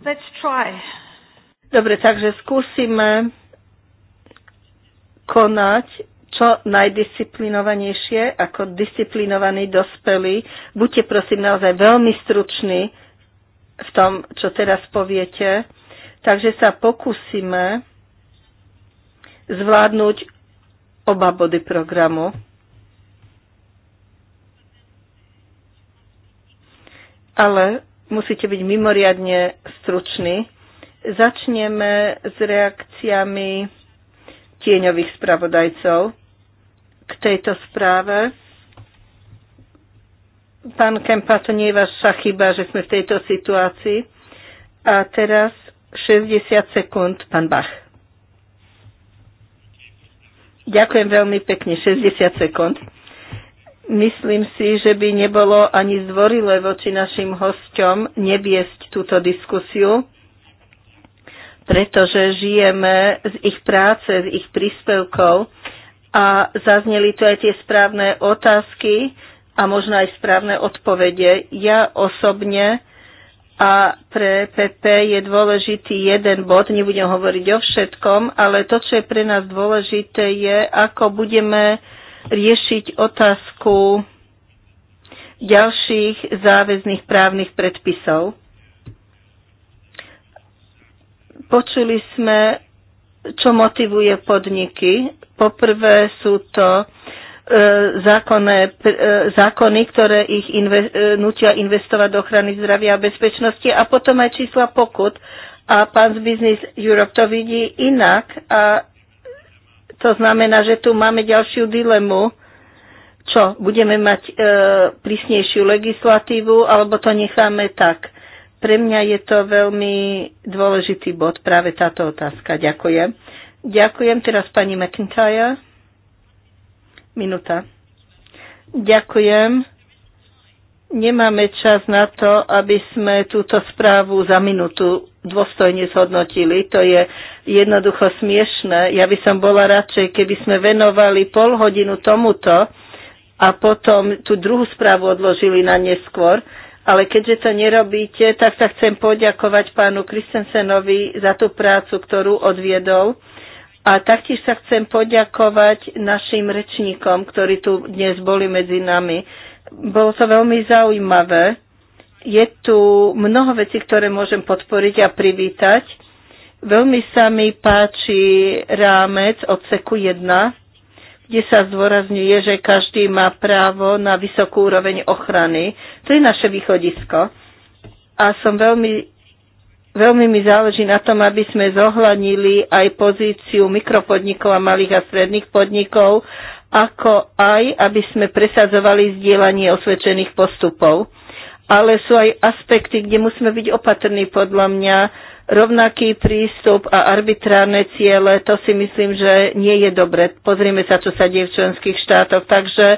Let's try. Dobre, takže skúsime konať čo najdisciplinovanejšie, ako disciplinovaní dospelí. Buďte prosím naozaj veľmi struční v tom, čo teraz poviete. Takže sa pokúsime zvládnuť oba body programu. Ale musíte byť mimoriadne struční. Začneme s reakciami tieňových spravodajcov k tejto správe. Pán Kempa, to nie je vaša chyba, že sme v tejto situácii. A teraz 60 sekúnd, pán Bach. Ďakujem veľmi pekne, 60 sekúnd. Myslím si, že by nebolo ani zdvorilé voči našim hosťom nebiesť túto diskusiu, pretože žijeme z ich práce, z ich príspevkov a zazneli tu aj tie správne otázky a možno aj správne odpovede. Ja osobne a pre PP je dôležitý jeden bod, nebudem hovoriť o všetkom, ale to, čo je pre nás dôležité, je, ako budeme riešiť otázku ďalších záväzných právnych predpisov. Počuli sme čo motivuje podniky. Poprvé sú to e, zákonné, e, zákony, ktoré ich inve, e, nutia investovať do ochrany zdravia a bezpečnosti a potom aj čísla pokut. A pán z Business Europe to vidí inak a to znamená, že tu máme ďalšiu dilemu, čo budeme mať e, prísnejšiu legislatívu alebo to necháme tak. Pre mňa je to veľmi dôležitý bod, práve táto otázka. Ďakujem. Ďakujem teraz pani McIntyre. Minúta. Ďakujem. Nemáme čas na to, aby sme túto správu za minútu dôstojne zhodnotili. To je jednoducho smiešné. Ja by som bola radšej, keby sme venovali pol hodinu tomuto a potom tú druhú správu odložili na neskôr ale keďže to nerobíte, tak sa chcem poďakovať pánu Kristensenovi za tú prácu, ktorú odviedol. A taktiež sa chcem poďakovať našim rečníkom, ktorí tu dnes boli medzi nami. Bolo to veľmi zaujímavé. Je tu mnoho vecí, ktoré môžem podporiť a privítať. Veľmi sa mi páči rámec odseku 1 kde sa zdôrazňuje, že každý má právo na vysokú úroveň ochrany. To je naše východisko. A som veľmi, veľmi mi záleží na tom, aby sme zohľadnili aj pozíciu mikropodnikov a malých a stredných podnikov, ako aj, aby sme presadzovali zdieľanie osvedčených postupov. Ale sú aj aspekty, kde musíme byť opatrní podľa mňa, rovnaký prístup a arbitrárne ciele, to si myslím, že nie je dobre. Pozrieme sa, čo sa deje v členských štátoch. Takže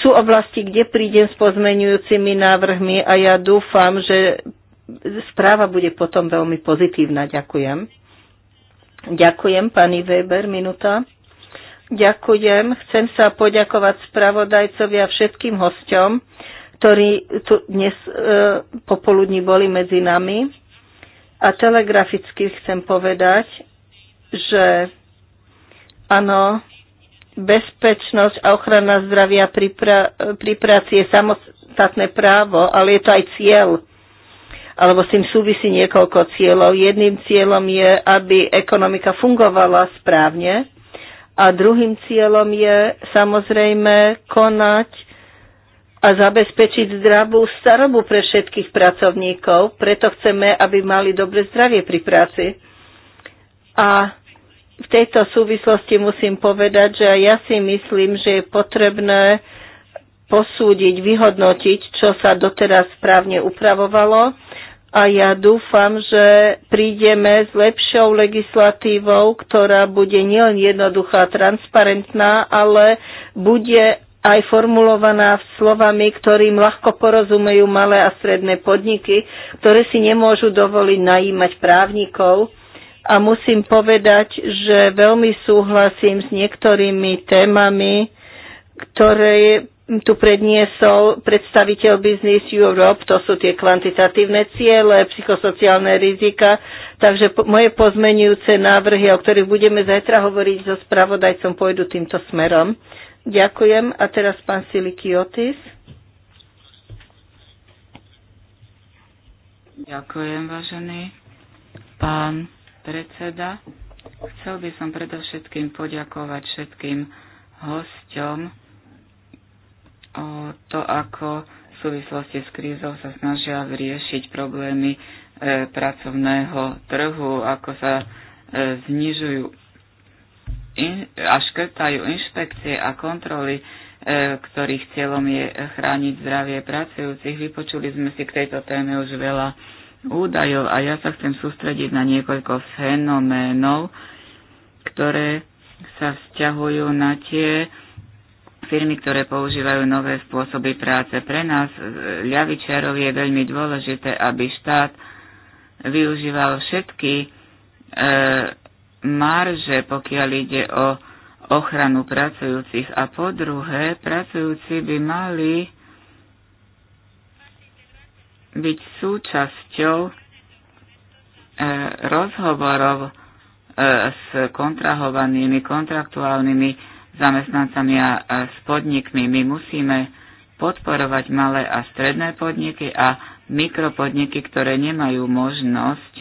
sú oblasti, kde prídem s pozmenujúcimi návrhmi a ja dúfam, že správa bude potom veľmi pozitívna. Ďakujem. Ďakujem, pani Weber, minúta. Ďakujem. Chcem sa poďakovať spravodajcovi a všetkým hosťom, ktorí tu dnes e, popoludní boli medzi nami a telegraficky chcem povedať, že áno, bezpečnosť a ochrana zdravia pri, pra- pri práci je samostatné právo, ale je to aj cieľ alebo s tým súvisí niekoľko cieľov. Jedným cieľom je, aby ekonomika fungovala správne a druhým cieľom je samozrejme konať a zabezpečiť zdravú starobu pre všetkých pracovníkov. Preto chceme, aby mali dobre zdravie pri práci. A v tejto súvislosti musím povedať, že ja si myslím, že je potrebné posúdiť, vyhodnotiť, čo sa doteraz správne upravovalo a ja dúfam, že prídeme s lepšou legislatívou, ktorá bude nielen jednoduchá, transparentná, ale bude aj formulovaná slovami, ktorým ľahko porozumejú malé a stredné podniky, ktoré si nemôžu dovoliť najímať právnikov. A musím povedať, že veľmi súhlasím s niektorými témami, ktoré tu predniesol predstaviteľ Business Europe, to sú tie kvantitatívne ciele, psychosociálne rizika. Takže po, moje pozmenujúce návrhy, o ktorých budeme zajtra hovoriť so spravodajcom, pôjdu týmto smerom. Ďakujem. A teraz pán Silikiotis. Ďakujem, vážený pán predseda. Chcel by som predovšetkým poďakovať všetkým hosťom o to, ako v súvislosti s krízou sa snažia riešiť problémy e, pracovného trhu, ako sa e, znižujú in, a škrtajú inšpekcie a kontroly, e, ktorých cieľom je chrániť zdravie pracujúcich. Vypočuli sme si k tejto téme už veľa údajov a ja sa chcem sústrediť na niekoľko fenoménov, ktoré sa vzťahujú na tie firmy, ktoré používajú nové spôsoby práce. Pre nás e, ľavičiarov je veľmi dôležité, aby štát využíval všetky e, marže, pokiaľ ide o ochranu pracujúcich a po druhé, pracujúci by mali byť súčasťou e, rozhovorov e, s kontrahovanými, kontraktuálnymi zamestnancami a s podnikmi. My musíme podporovať malé a stredné podniky a mikropodniky, ktoré nemajú možnosť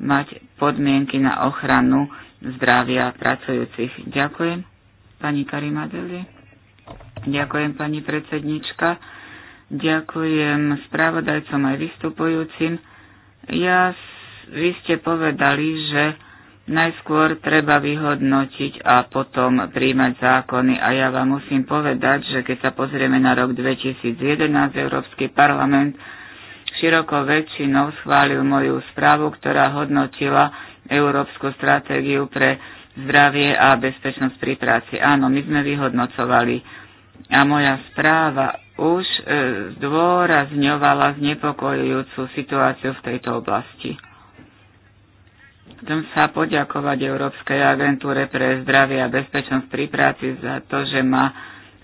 mať podmienky na ochranu zdravia pracujúcich. Ďakujem, pani Karimadeli. Ďakujem, pani predsednička. Ďakujem spravodajcom aj vystupujúcim. Ja, vy ste povedali, že najskôr treba vyhodnotiť a potom príjmať zákony. A ja vám musím povedať, že keď sa pozrieme na rok 2011, Európsky parlament širokou väčšinou schválil moju správu, ktorá hodnotila Európsku stratégiu pre zdravie a bezpečnosť pri práci. Áno, my sme vyhodnocovali. A moja správa už e, zdôrazňovala znepokojujúcu situáciu v tejto oblasti. Chcem sa poďakovať Európskej agentúre pre zdravie a bezpečnosť pri práci za to, že ma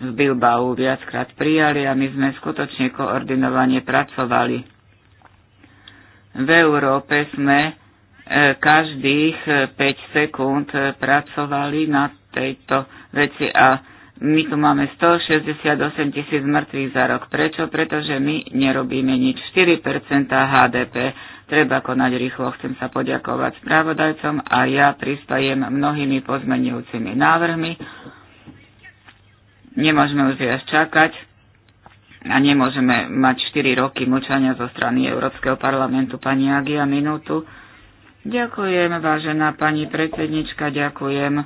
v Bilbao viackrát prijali a my sme skutočne koordinovane pracovali. V Európe sme e, každých 5 e, sekúnd e, pracovali na tejto veci a my tu máme 168 tisíc mŕtvych za rok. Prečo? Pretože my nerobíme nič. 4% HDP. Treba konať rýchlo. Chcem sa poďakovať správodajcom a ja pristajem mnohými pozmenujúcimi návrhmi. Nemôžeme už viac čakať a nemôžeme mať 4 roky mlčania zo strany Európskeho parlamentu. Pani Agia, minútu. Ďakujem, vážená pani predsednička, ďakujem e,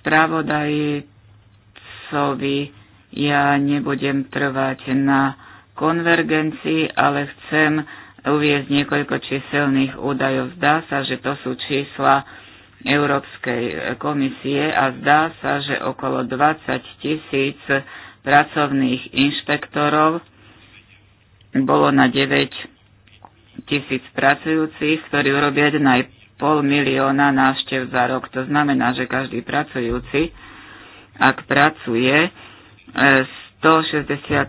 spravodajcovi. Ja nebudem trvať na konvergencii, ale chcem uviezť niekoľko číselných údajov. Zdá sa, že to sú čísla Európskej komisie a zdá sa, že okolo 20 tisíc 000 pracovných inšpektorov bolo na 9 tisíc pracujúcich, ktorí urobia 1,5 milióna návštev za rok. To znamená, že každý pracujúci, ak pracuje 165 e,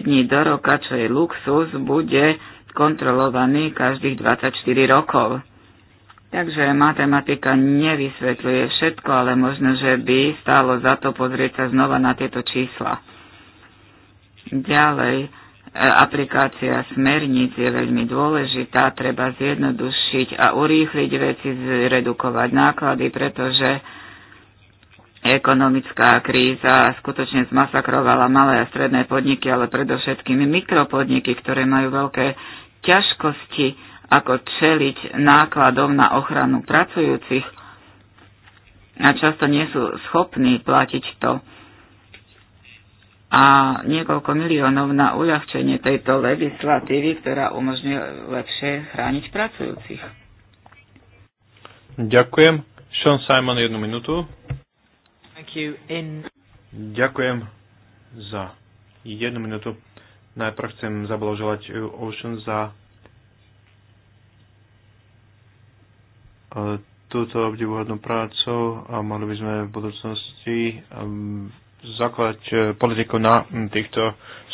dní do roka, čo je luxus, bude kontrolovaný každých 24 rokov. Takže matematika nevysvetľuje všetko, ale možno, že by stálo za to pozrieť sa znova na tieto čísla. Ďalej, e, aplikácia smerníc je veľmi dôležitá, treba zjednodušiť a urýchliť veci, zredukovať náklady, pretože ekonomická kríza skutočne zmasakrovala malé a stredné podniky, ale predovšetkým mikropodniky, ktoré majú veľké ťažkosti ako čeliť nákladom na ochranu pracujúcich a často nie sú schopní platiť to. A niekoľko miliónov na uľahčenie tejto legislatívy, ktorá umožňuje lepšie chrániť pracujúcich. Ďakujem. Sean Simon, jednu minútu. In... Ďakujem za jednu minútu. Najprv chcem zablažovať Ocean za E, túto obdivuhodnú prácu a mali by sme v budúcnosti zakladať e, politiku na týchto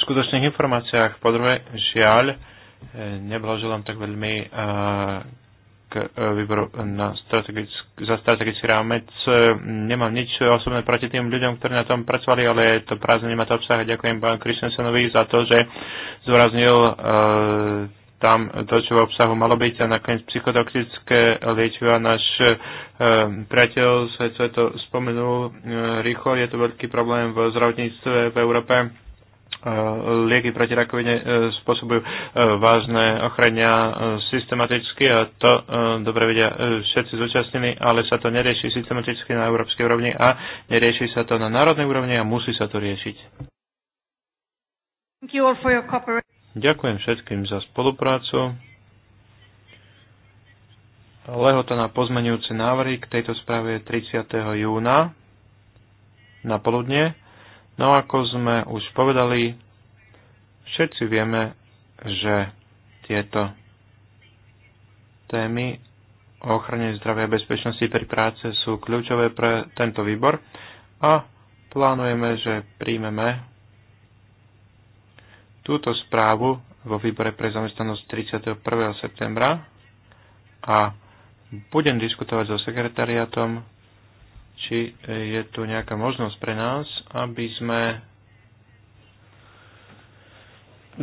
skutočných informáciách. Po druhé, žiaľ, e, neblaželám tak veľmi k výboru na strategick, za strategický rámec. Nemám nič osobné proti tým ľuďom, ktorí na tom pracovali, ale je to prázdne, nemá to obsah. Ďakujem pánu Krišensenovi za to, že zúraznil tam to, čo v obsahu malo byť a nakoniec psychotoxické a Náš e, priateľ sa to spomenul e, rýchlo, je to veľký problém v zdravotníctve v Európe e, lieky proti rakovine e, spôsobujú e, vážne ochrania systematicky a to dobre vedia všetci zúčastnení, ale sa to nerieši systematicky na európskej úrovni a nerieši sa to na národnej úrovni a musí sa to riešiť. Ďakujem všetkým za spoluprácu. Lehota na pozmenujúce návrhy k tejto správe je 30. júna na poludne. No ako sme už povedali, všetci vieme, že tieto témy o ochrane zdravia a bezpečnosti pri práce sú kľúčové pre tento výbor a plánujeme, že príjmeme túto správu vo výbore pre zamestnanosť 31. septembra a budem diskutovať so sekretariatom, či je tu nejaká možnosť pre nás, aby sme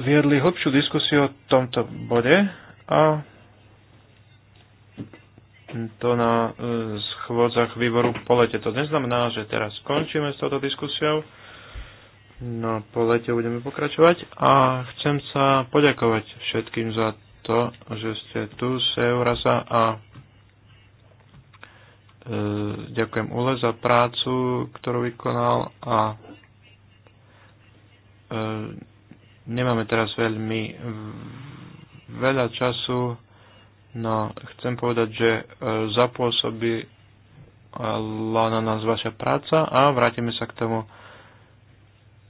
viedli hlbšiu diskusiu o tomto bode a to na e, schôdzach výboru polete To neznamená, že teraz skončíme s touto diskusiou, No, po lete budeme pokračovať a chcem sa poďakovať všetkým za to, že ste tu z Eurasa a e, ďakujem Ule za prácu, ktorú vykonal a e, nemáme teraz veľmi veľa času, no chcem povedať, že e, zapôsobila na nás vaša práca a vrátime sa k tomu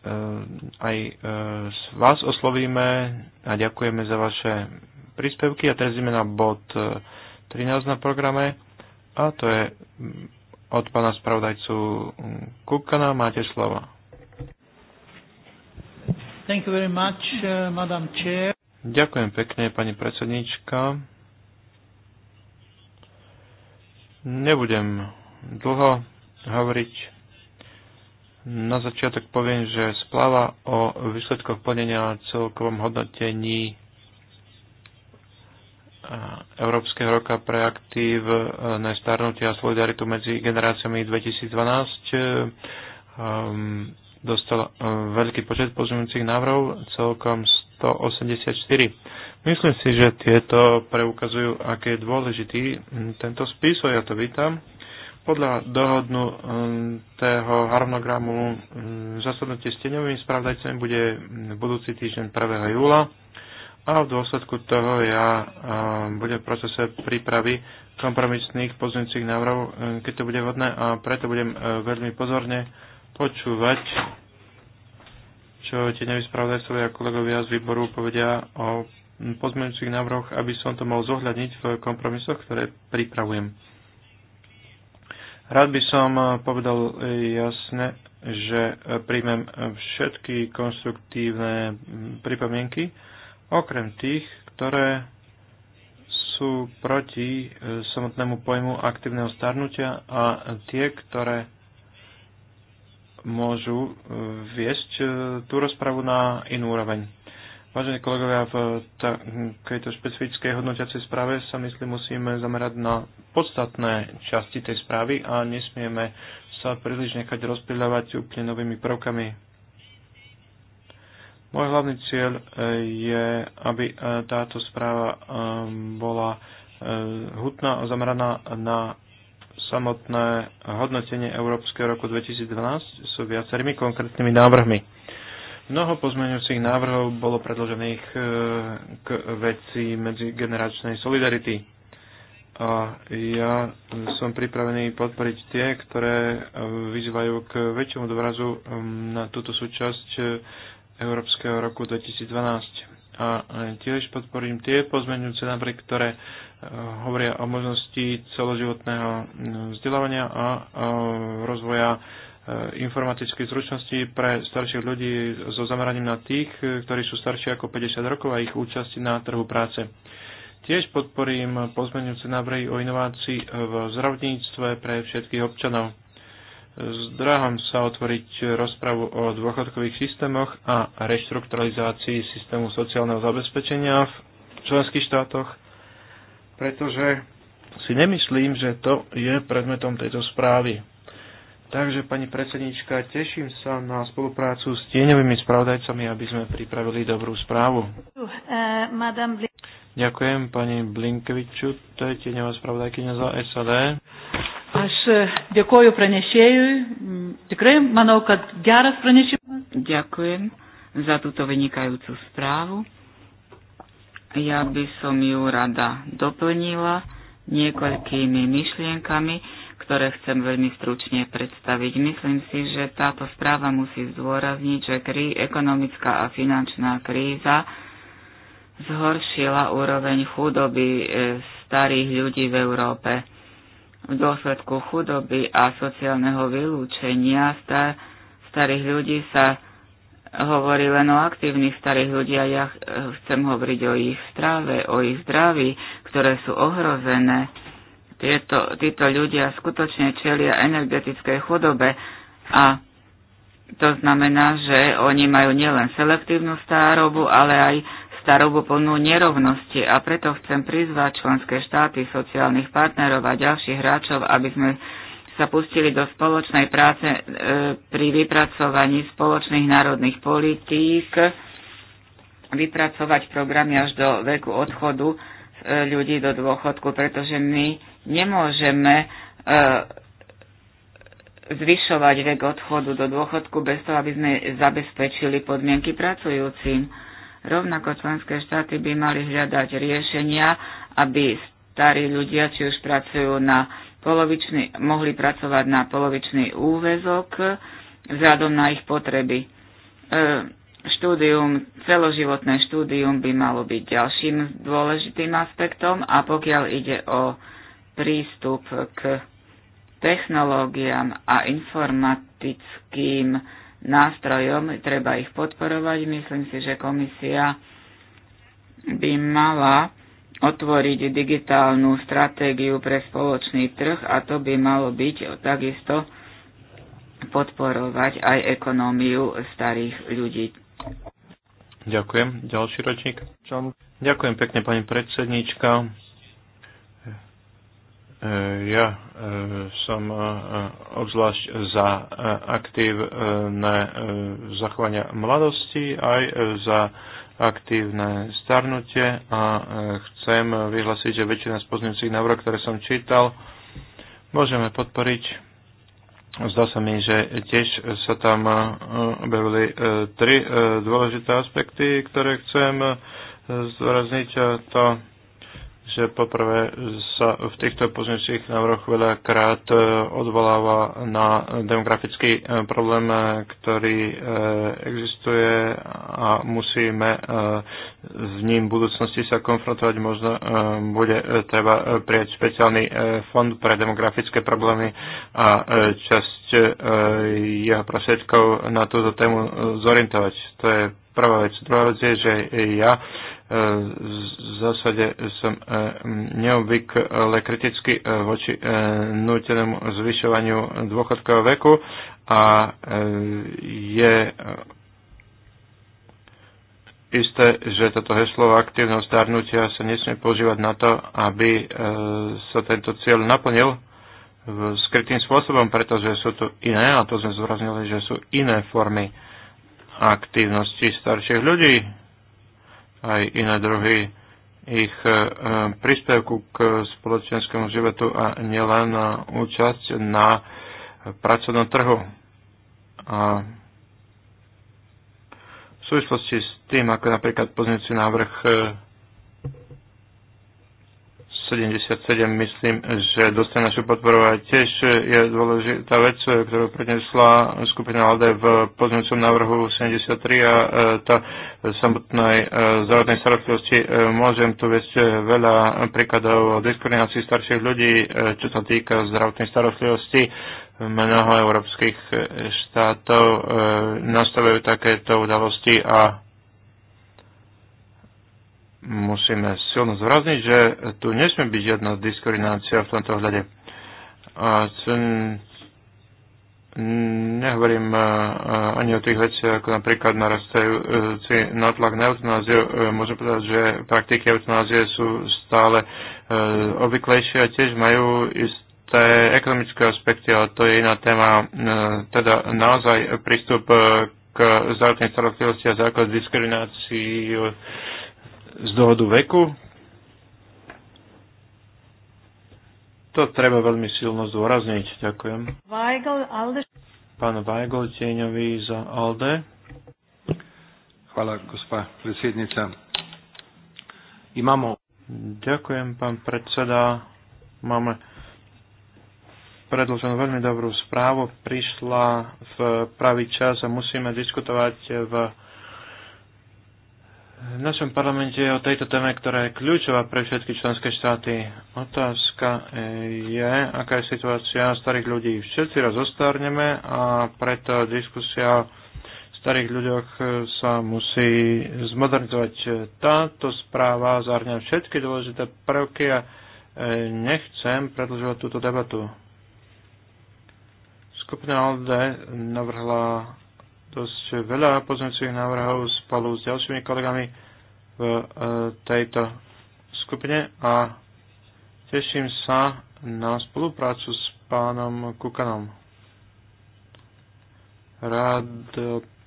Ehm, aj z ehm, vás oslovíme a ďakujeme za vaše príspevky. A teraz ideme na bod 13 e, na programe a to je mm, od pána spravodajcu mm, Kukana. Máte slova. Thank you very much, uh, Madam Chair. Ďakujem pekne, pani predsednička. Nebudem dlho hovoriť na začiatok poviem, že spláva o výsledkoch plnenia na celkovom hodnotení Európskeho roka pre aktív starnutie a solidaritu medzi generáciami 2012 dostal veľký počet pozmeňujúcich návrhov, celkom 184. Myslím si, že tieto preukazujú, aké je dôležitý tento spis, ja to vítam podľa dohodnutého harmonogramu zasadnutie s teňovými spravdajcami bude budúci týždeň 1. júla a v dôsledku toho ja budem v procese prípravy kompromisných pozmeňujúcich návrhov, keď to bude vhodné a preto budem e, veľmi pozorne počúvať, čo tie nevyspravodajcovia a kolegovia z výboru povedia o pozmeňujúcich návrhoch, aby som to mohol zohľadniť v kompromisoch, ktoré pripravujem. Rád by som eh, povedal eh, jasne, že eh, príjmem všetky konstruktívne mm, pripomienky, okrem tých, ktoré sú proti samotnému pojmu aktívneho starnutia a tie, ktoré môžu viesť tú rozpravu na inú úroveň. Vážení kolegovia, v hm, tejto špecifickej hodnotiacej správe sa myslím musíme zamerať na podstatné časti tej správy a nesmieme sa príliš nechať rozpíľavať úplne novými prvkami. Môj hlavný cieľ e, je, aby e, táto správa e, bola hutná a zameraná na samotné hodnotenie Európskeho roku 2012 s viacerými konkrétnymi návrhmi. Mnoho pozmeňujúcich návrhov bolo predložených e, k veci medzigeneračnej solidarity. A ja som pripravený podporiť tie, ktoré e, vyzývajú k väčšiemu dôrazu na túto súčasť e, Európskeho roku 2012. A tiež podporím tie pozmeňujúce návrhy, ktoré hovoria o možnosti celoživotného vzdelávania a rozvoja Eh, informatické zručnosti pre starších ľudí so zameraním na tých, eh, ktorí sú starší ako 50 rokov a ich účasti na trhu práce. Tiež podporím pozmeňujúce návrhy o inovácii v zdravotníctve pre všetkých občanov. Zdráham sa otvoriť rozpravu o dôchodkových systémoch a reštrukturalizácii systému sociálneho zabezpečenia v členských štátoch, pretože si nemyslím, že to je predmetom tejto správy. Takže, pani predsednička, teším sa na spoluprácu s tieňovými spravodajcami, aby sme pripravili dobrú správu. Eh, ďakujem pani Blinkeviču, to je tieňová spravodajkyňa za SAD. Aš dėkoju eh, pranešėjui. Mm, Tikrai manau, kad geras pranešimas. Ďakujem za túto vynikajúcu správu. Ja by som ju rada doplnila niekoľkými myšlienkami ktoré chcem veľmi stručne predstaviť. Myslím si, že táto správa musí zdôrazniť, že krí, ekonomická a finančná kríza zhoršila úroveň chudoby e, starých ľudí v Európe. V dôsledku chudoby a sociálneho vylúčenia star, starých ľudí sa hovorí len o aktívnych starých ľudí a ja e, chcem hovoriť o ich strave, o ich zdraví, ktoré sú ohrozené tieto, títo ľudia skutočne čelia energetickej chudobe a to znamená, že oni majú nielen selektívnu starobu, ale aj starobu plnú nerovnosti a preto chcem prizvať členské štáty, sociálnych partnerov a ďalších hráčov, aby sme sa pustili do spoločnej práce e, pri vypracovaní spoločných národných politík, vypracovať programy až do veku odchodu e, ľudí do dôchodku, pretože my Nemôžeme eh, zvyšovať vek odchodu do dôchodku bez toho, aby sme zabezpečili podmienky pracujúcim. Rovnako členské štáty by mali hľadať riešenia, aby starí ľudia, či už pracujú na polovičný, mohli pracovať na polovičný úvezok vzhľadom na ich potreby. E, štúdium, celoživotné štúdium by malo byť ďalším dôležitým aspektom a pokiaľ ide o prístup k technológiám a informatickým nástrojom, treba ich podporovať. Myslím si, že komisia by mala otvoriť digitálnu stratégiu pre spoločný trh a to by malo byť takisto podporovať aj ekonómiu starých ľudí. Ďakujem. Ďalší ročník. Ďakujem pekne, pani predsedníčka. Eh, ja eh, som eh, obzvlášť za aktívne zachovania mladosti, aj za aktívne starnutie a chcem vyhlasiť, že väčšina z pozmeňujúcich návrhov, ktoré som čítal, môžeme podporiť. Zdá sa mi, že tiež sa tam objavili tri dôležité aspekty, ktoré chcem zdôrazniť. To že poprvé sa v týchto pozemských návrhoch veľakrát e, odvoláva na demografický e, problém, e, ktorý existuje a musíme s ním v budúcnosti sa konfrontovať. Možno bude treba prijať špeciálny fond pre demografické problémy a časť jeho prosvedkov na túto tému zorientovať. To je prvá vec. Druhá vec je, že ja v zásade som e, neobvykle kriticky e, voči e, nútenému zvyšovaniu dôchodkového veku a je isté, že toto heslo aktívneho starnutia sa nesmie používať na to, aby sa tento cieľ naplnil skrytým spôsobom, pretože sú tu iné, a to sme zvraznili, že sú iné formy aktívnosti starších ľudí aj iné druhy ich e, príspevku k spoločenskému životu a nielen účasť na pracovnom trhu. A v súvislosti s tým, ako napríklad pozniecí návrh e, 77, myslím, že dostane našu podporu a tiež je dôležitá vec, ktorú prednesla skupina LD v pozmeňujúcom návrhu 73 a e, tá samotnej e, zdravotnej starostlivosti. E, môžem tu viesť veľa príkladov o diskriminácii starších ľudí, čo sa týka zdravotnej starostlivosti mnoho európskych štátov nastavujú takéto udalosti a musíme silno zvrazniť, že tu nesmie byť žiadna diskriminácia v tomto hľade. A nehovorím e, e, ani o tých veciach, ako napríklad narastajúci natlak na eutanáziu. E, môžem povedať, že praktiky eutanázie sú stále obvyklejšie a tiež majú isté ekonomické aspekty, ale to je iná téma. Teda naozaj prístup k zdravotnej starostlivosti a základ diskriminácii z dohodu veku. To treba veľmi silno zdôrazniť. Ďakujem. Pán Weigl, tieňový za Alde. Hvala, gospa predsednica. Imamo... Ďakujem, pán predseda. Máme predloženú veľmi dobrú správu. Prišla v pravý čas a musíme diskutovať v v našom parlamente je o tejto téme, ktorá je kľúčová pre všetky členské štáty. Otázka e, je, aká je situácia starých ľudí. Všetci raz a preto diskusia o starých ľuďoch sa musí zmodernizovať. Táto správa zahrňa všetky dôležité prvky a e, nechcem predlžovať túto debatu. Skupina ALDE navrhla dosť veľa pozmeňujúcich návrhov spolu s ďalšími kolegami v e, tejto skupine a teším sa na spoluprácu s pánom Kukanom. Rád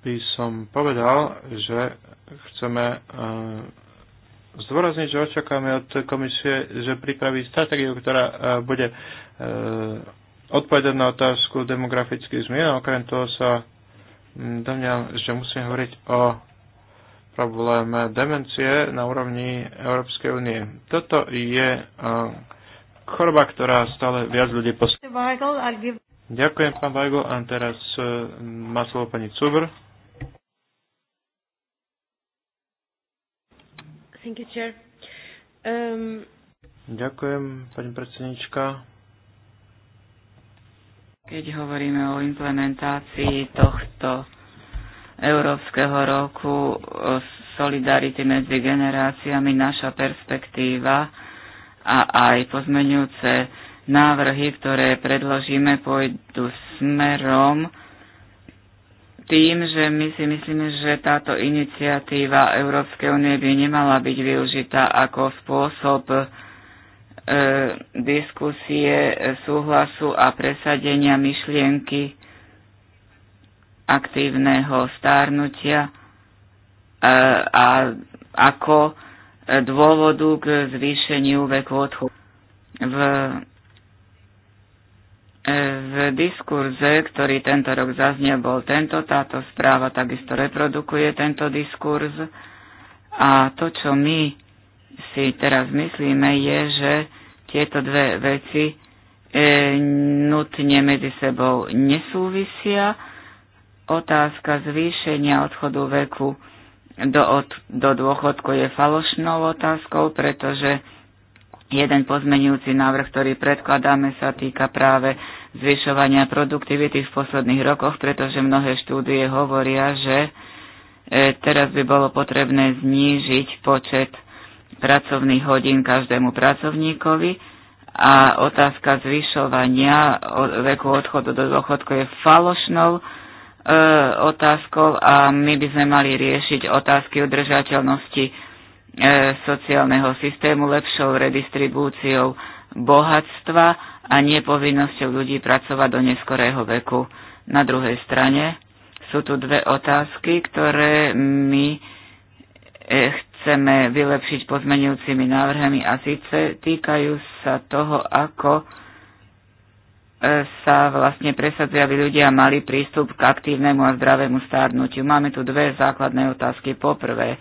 by som povedal, že chceme e, zdôrazniť, že očakáme od komisie, že pripraví stratégiu, ktorá e, bude odpovedať na otázku demografických zmien a okrem toho sa Mm, domňam, že musíme hovoriť o probléme demencie na úrovni Európskej únie. Toto je e, choroba, ktorá stále viac ľudí posúva. Ďakujem, pán Weigl. A teraz e, má slovo pani Cubr. Thank you, chair. Um... Ďakujem, pani predsednička. Keď hovoríme o implementácii tohto Európskeho roku o solidarity medzi generáciami, naša perspektíva a aj pozmenujúce návrhy, ktoré predložíme, pôjdu smerom tým, že my si myslíme, že táto iniciatíva Európskej únie by nemala byť využitá ako spôsob E, diskusie, súhlasu a presadenia myšlienky aktívneho stárnutia e, a ako dôvodu k zvýšeniu veku odchu. V, e, v diskurze, ktorý tento rok zaznie, bol tento, táto správa takisto reprodukuje tento diskurz a to, čo my si teraz myslíme, je, že tieto dve veci e, nutne medzi sebou nesúvisia. Otázka zvýšenia odchodu veku do, od, do dôchodku je falošnou otázkou, pretože jeden pozmenujúci návrh, ktorý predkladáme, sa týka práve zvyšovania produktivity v posledných rokoch, pretože mnohé štúdie hovoria, že e, teraz by bolo potrebné znížiť počet pracovných hodín každému pracovníkovi a otázka zvyšovania veku odchodu do dôchodku je falošnou e, otázkou a my by sme mali riešiť otázky udržateľnosti e, sociálneho systému lepšou redistribúciou bohatstva a nepovinnosťou ľudí pracovať do neskorého veku. Na druhej strane sú tu dve otázky, ktoré my e, chceme vylepšiť pozmenujúcimi návrhami a síce týkajú sa toho, ako e, sa vlastne presadzuje, aby ľudia mali prístup k aktívnemu a zdravému stárnutiu. Máme tu dve základné otázky. Poprvé,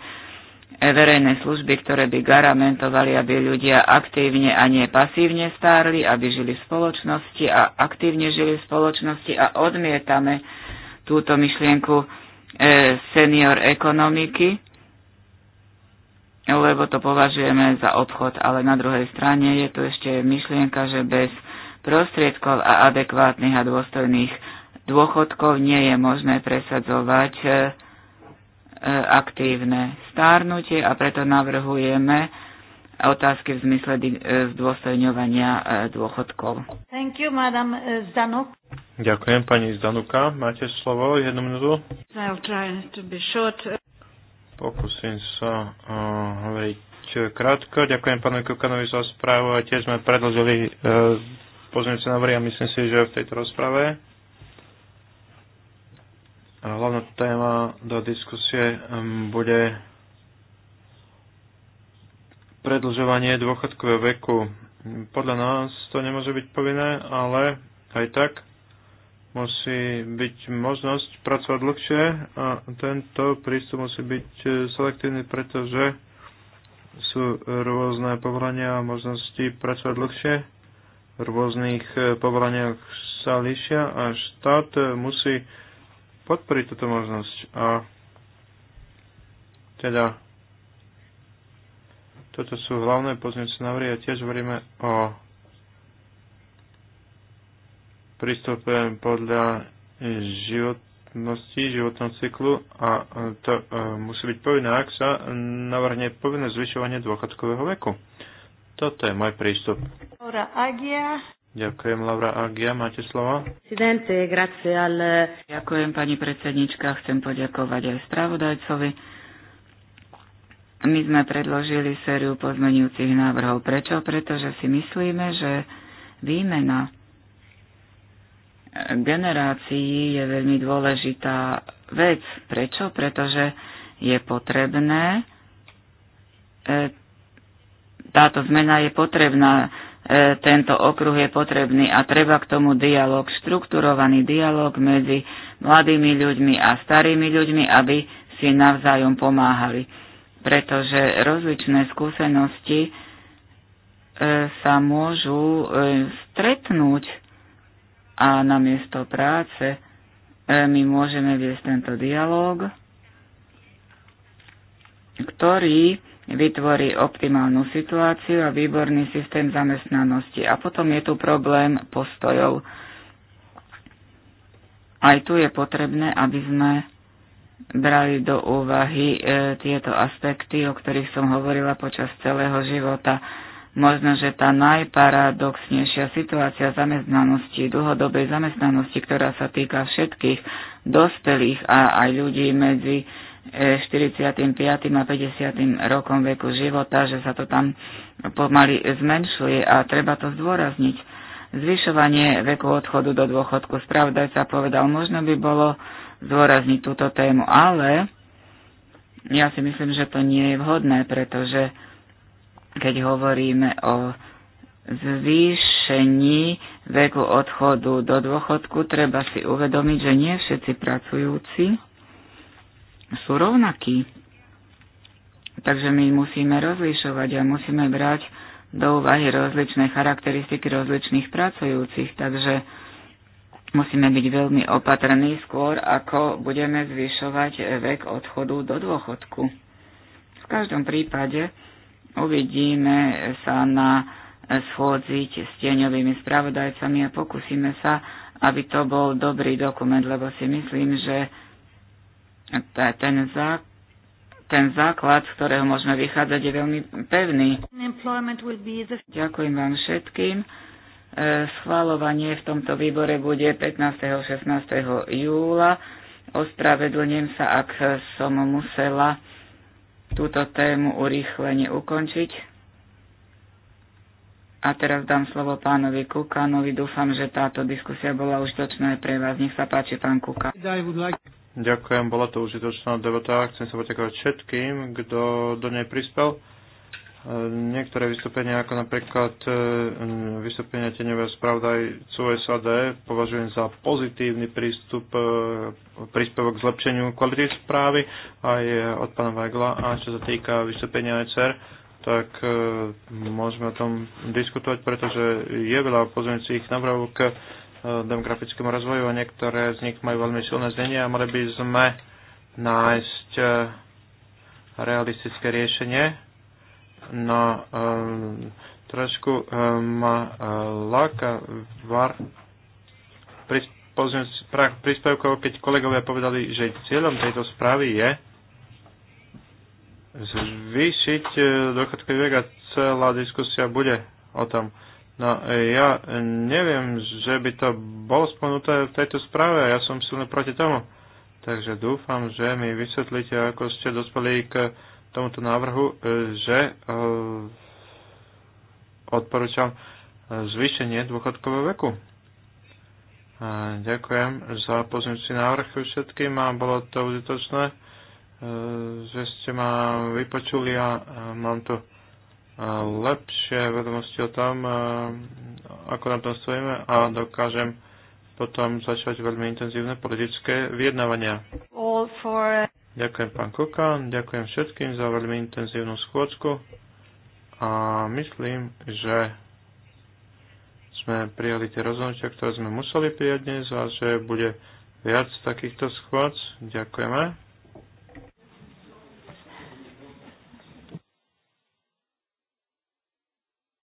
e, verejné služby, ktoré by garamentovali, aby ľudia aktívne a nie pasívne stárli, aby žili v spoločnosti a aktívne žili v spoločnosti a odmietame túto myšlienku e, senior ekonomiky, lebo to považujeme za obchod, ale na druhej strane je tu ešte myšlienka, že bez prostriedkov a adekvátnych a dôstojných dôchodkov nie je možné presadzovať e, e, aktívne stárnutie a preto navrhujeme otázky v zmysle e, zdôstojňovania dôchodkov. Thank you, madam Zdanuk. Ďakujem, pani Zdanuka. Máte slovo, jednu minútu. Pokúsim sa eh, hovoriť krátko. Ďakujem pánovi Kukanovi za správu a tiež sme predložili eh, pozmeňujúce návrhy a myslím si, že v tejto rozprave hlavná téma do diskusie bude predlžovanie dôchodkového veku. Podľa nás to nemôže byť povinné, ale aj tak musí byť možnosť pracovať dlhšie a tento prístup musí byť e, selektívny, pretože sú rôzne povolania a možnosti pracovať dlhšie. V rôznych e, povolaniach sa líšia a štát musí podporiť túto možnosť a teda toto sú hlavné pozmeňujúce návrhy a tiež hovoríme o pristupujem podľa životnosti, životnom cyklu a to e, musí byť povinné, ak sa navrhne povinné zvyšovanie dôchodkového veku. Toto je môj prístup. Laura Agia. Ďakujem, Laura Agia. Máte slovo? Presidente, grazie al... Ďakujem, pani predsednička. Chcem poďakovať aj spravodajcovi. My sme predložili sériu pozmenujúcich návrhov. Prečo? Pretože si myslíme, že výmena generácií je veľmi dôležitá vec. Prečo? Pretože je potrebné, e, táto zmena je potrebná, e, tento okruh je potrebný a treba k tomu dialog, štrukturovaný dialog medzi mladými ľuďmi a starými ľuďmi, aby si navzájom pomáhali. Pretože rozličné skúsenosti e, sa môžu stretnúť a na miesto práce, e, my môžeme viesť tento dialog, ktorý vytvorí optimálnu situáciu a výborný systém zamestnanosti. A potom je tu problém postojov. Aj tu je potrebné, aby sme brali do úvahy e, tieto aspekty, o ktorých som hovorila počas celého života. Možno, že tá najparadoxnejšia situácia zamestnanosti, dlhodobej zamestnanosti, ktorá sa týka všetkých dospelých a aj ľudí medzi 45. E, a 50. rokom veku života, že sa to tam pomaly zmenšuje a treba to zdôrazniť. Zvyšovanie veku odchodu do dôchodku sa povedal, možno by bolo zdôrazniť túto tému, ale ja si myslím, že to nie je vhodné, pretože keď hovoríme o zvýšení veku odchodu do dôchodku, treba si uvedomiť, že nie všetci pracujúci sú rovnakí. Takže my musíme rozlišovať a musíme brať do úvahy rozličné charakteristiky rozličných pracujúcich, takže musíme byť veľmi opatrní skôr, ako budeme zvyšovať vek odchodu do dôchodku. V každom prípade Uvidíme sa na schôdzi s tieňovými spravodajcami a pokúsime sa, aby to bol dobrý dokument, lebo si myslím, že ten, ten základ, z ktorého môžeme vychádzať, je veľmi pevný. Ďakujem vám všetkým. E, schvalovanie v tomto výbore bude 15. 16. júla. Ospravedlňujem sa, ak som musela túto tému urýchlene ukončiť. A teraz dám slovo pánovi Kukanovi. Dúfam, že táto diskusia bola užitočná aj pre vás. Nech sa páči, pán Kuka. Ďakujem, bola to užitočná debata. Chcem sa poďakovať všetkým, kto do nej prispel niektoré vystúpenia, ako napríklad e, vystúpenia teňového spravodajcu SAD, považujem za pozitívny prístup, e, príspevok k zlepšeniu kvality správy aj od pána Vajgla. A čo sa týka vystúpenia ECR, tak e, môžeme o tom diskutovať, pretože je veľa pozornicích navrhov k demografickému rozvoju a niektoré z nich majú veľmi silné znenie a mali by sme nájsť realistické riešenie na no, um, ehm, trošku um, láka var príspevkov, keď kolegovia povedali, že cieľom tejto správy je zvýšiť e, dochodkový vek a celá diskusia bude o tom. No e, ja neviem, že by to bolo spomenuté v tejto správe a ja som silne proti tomu. Takže dúfam, že mi vysvetlíte, ako ste dospeli k tomuto návrhu, e, že e, odporúčam e, zvýšenie dôchodkového veku. Ďakujem za pozornosti návrh všetkým a bolo to užitočné, že ste ma vypočuli a mám tu lepšie vedomosti o tom, ako na tom stojíme a dokážem potom začať veľmi intenzívne politické vyjednávania. For... Ďakujem pán Kukan, ďakujem všetkým za veľmi intenzívnu schôdzku a myslím, že sme prijali tie rozhodnutia, ktoré sme museli prijať dnes a že bude viac takýchto schôdz. Ďakujeme.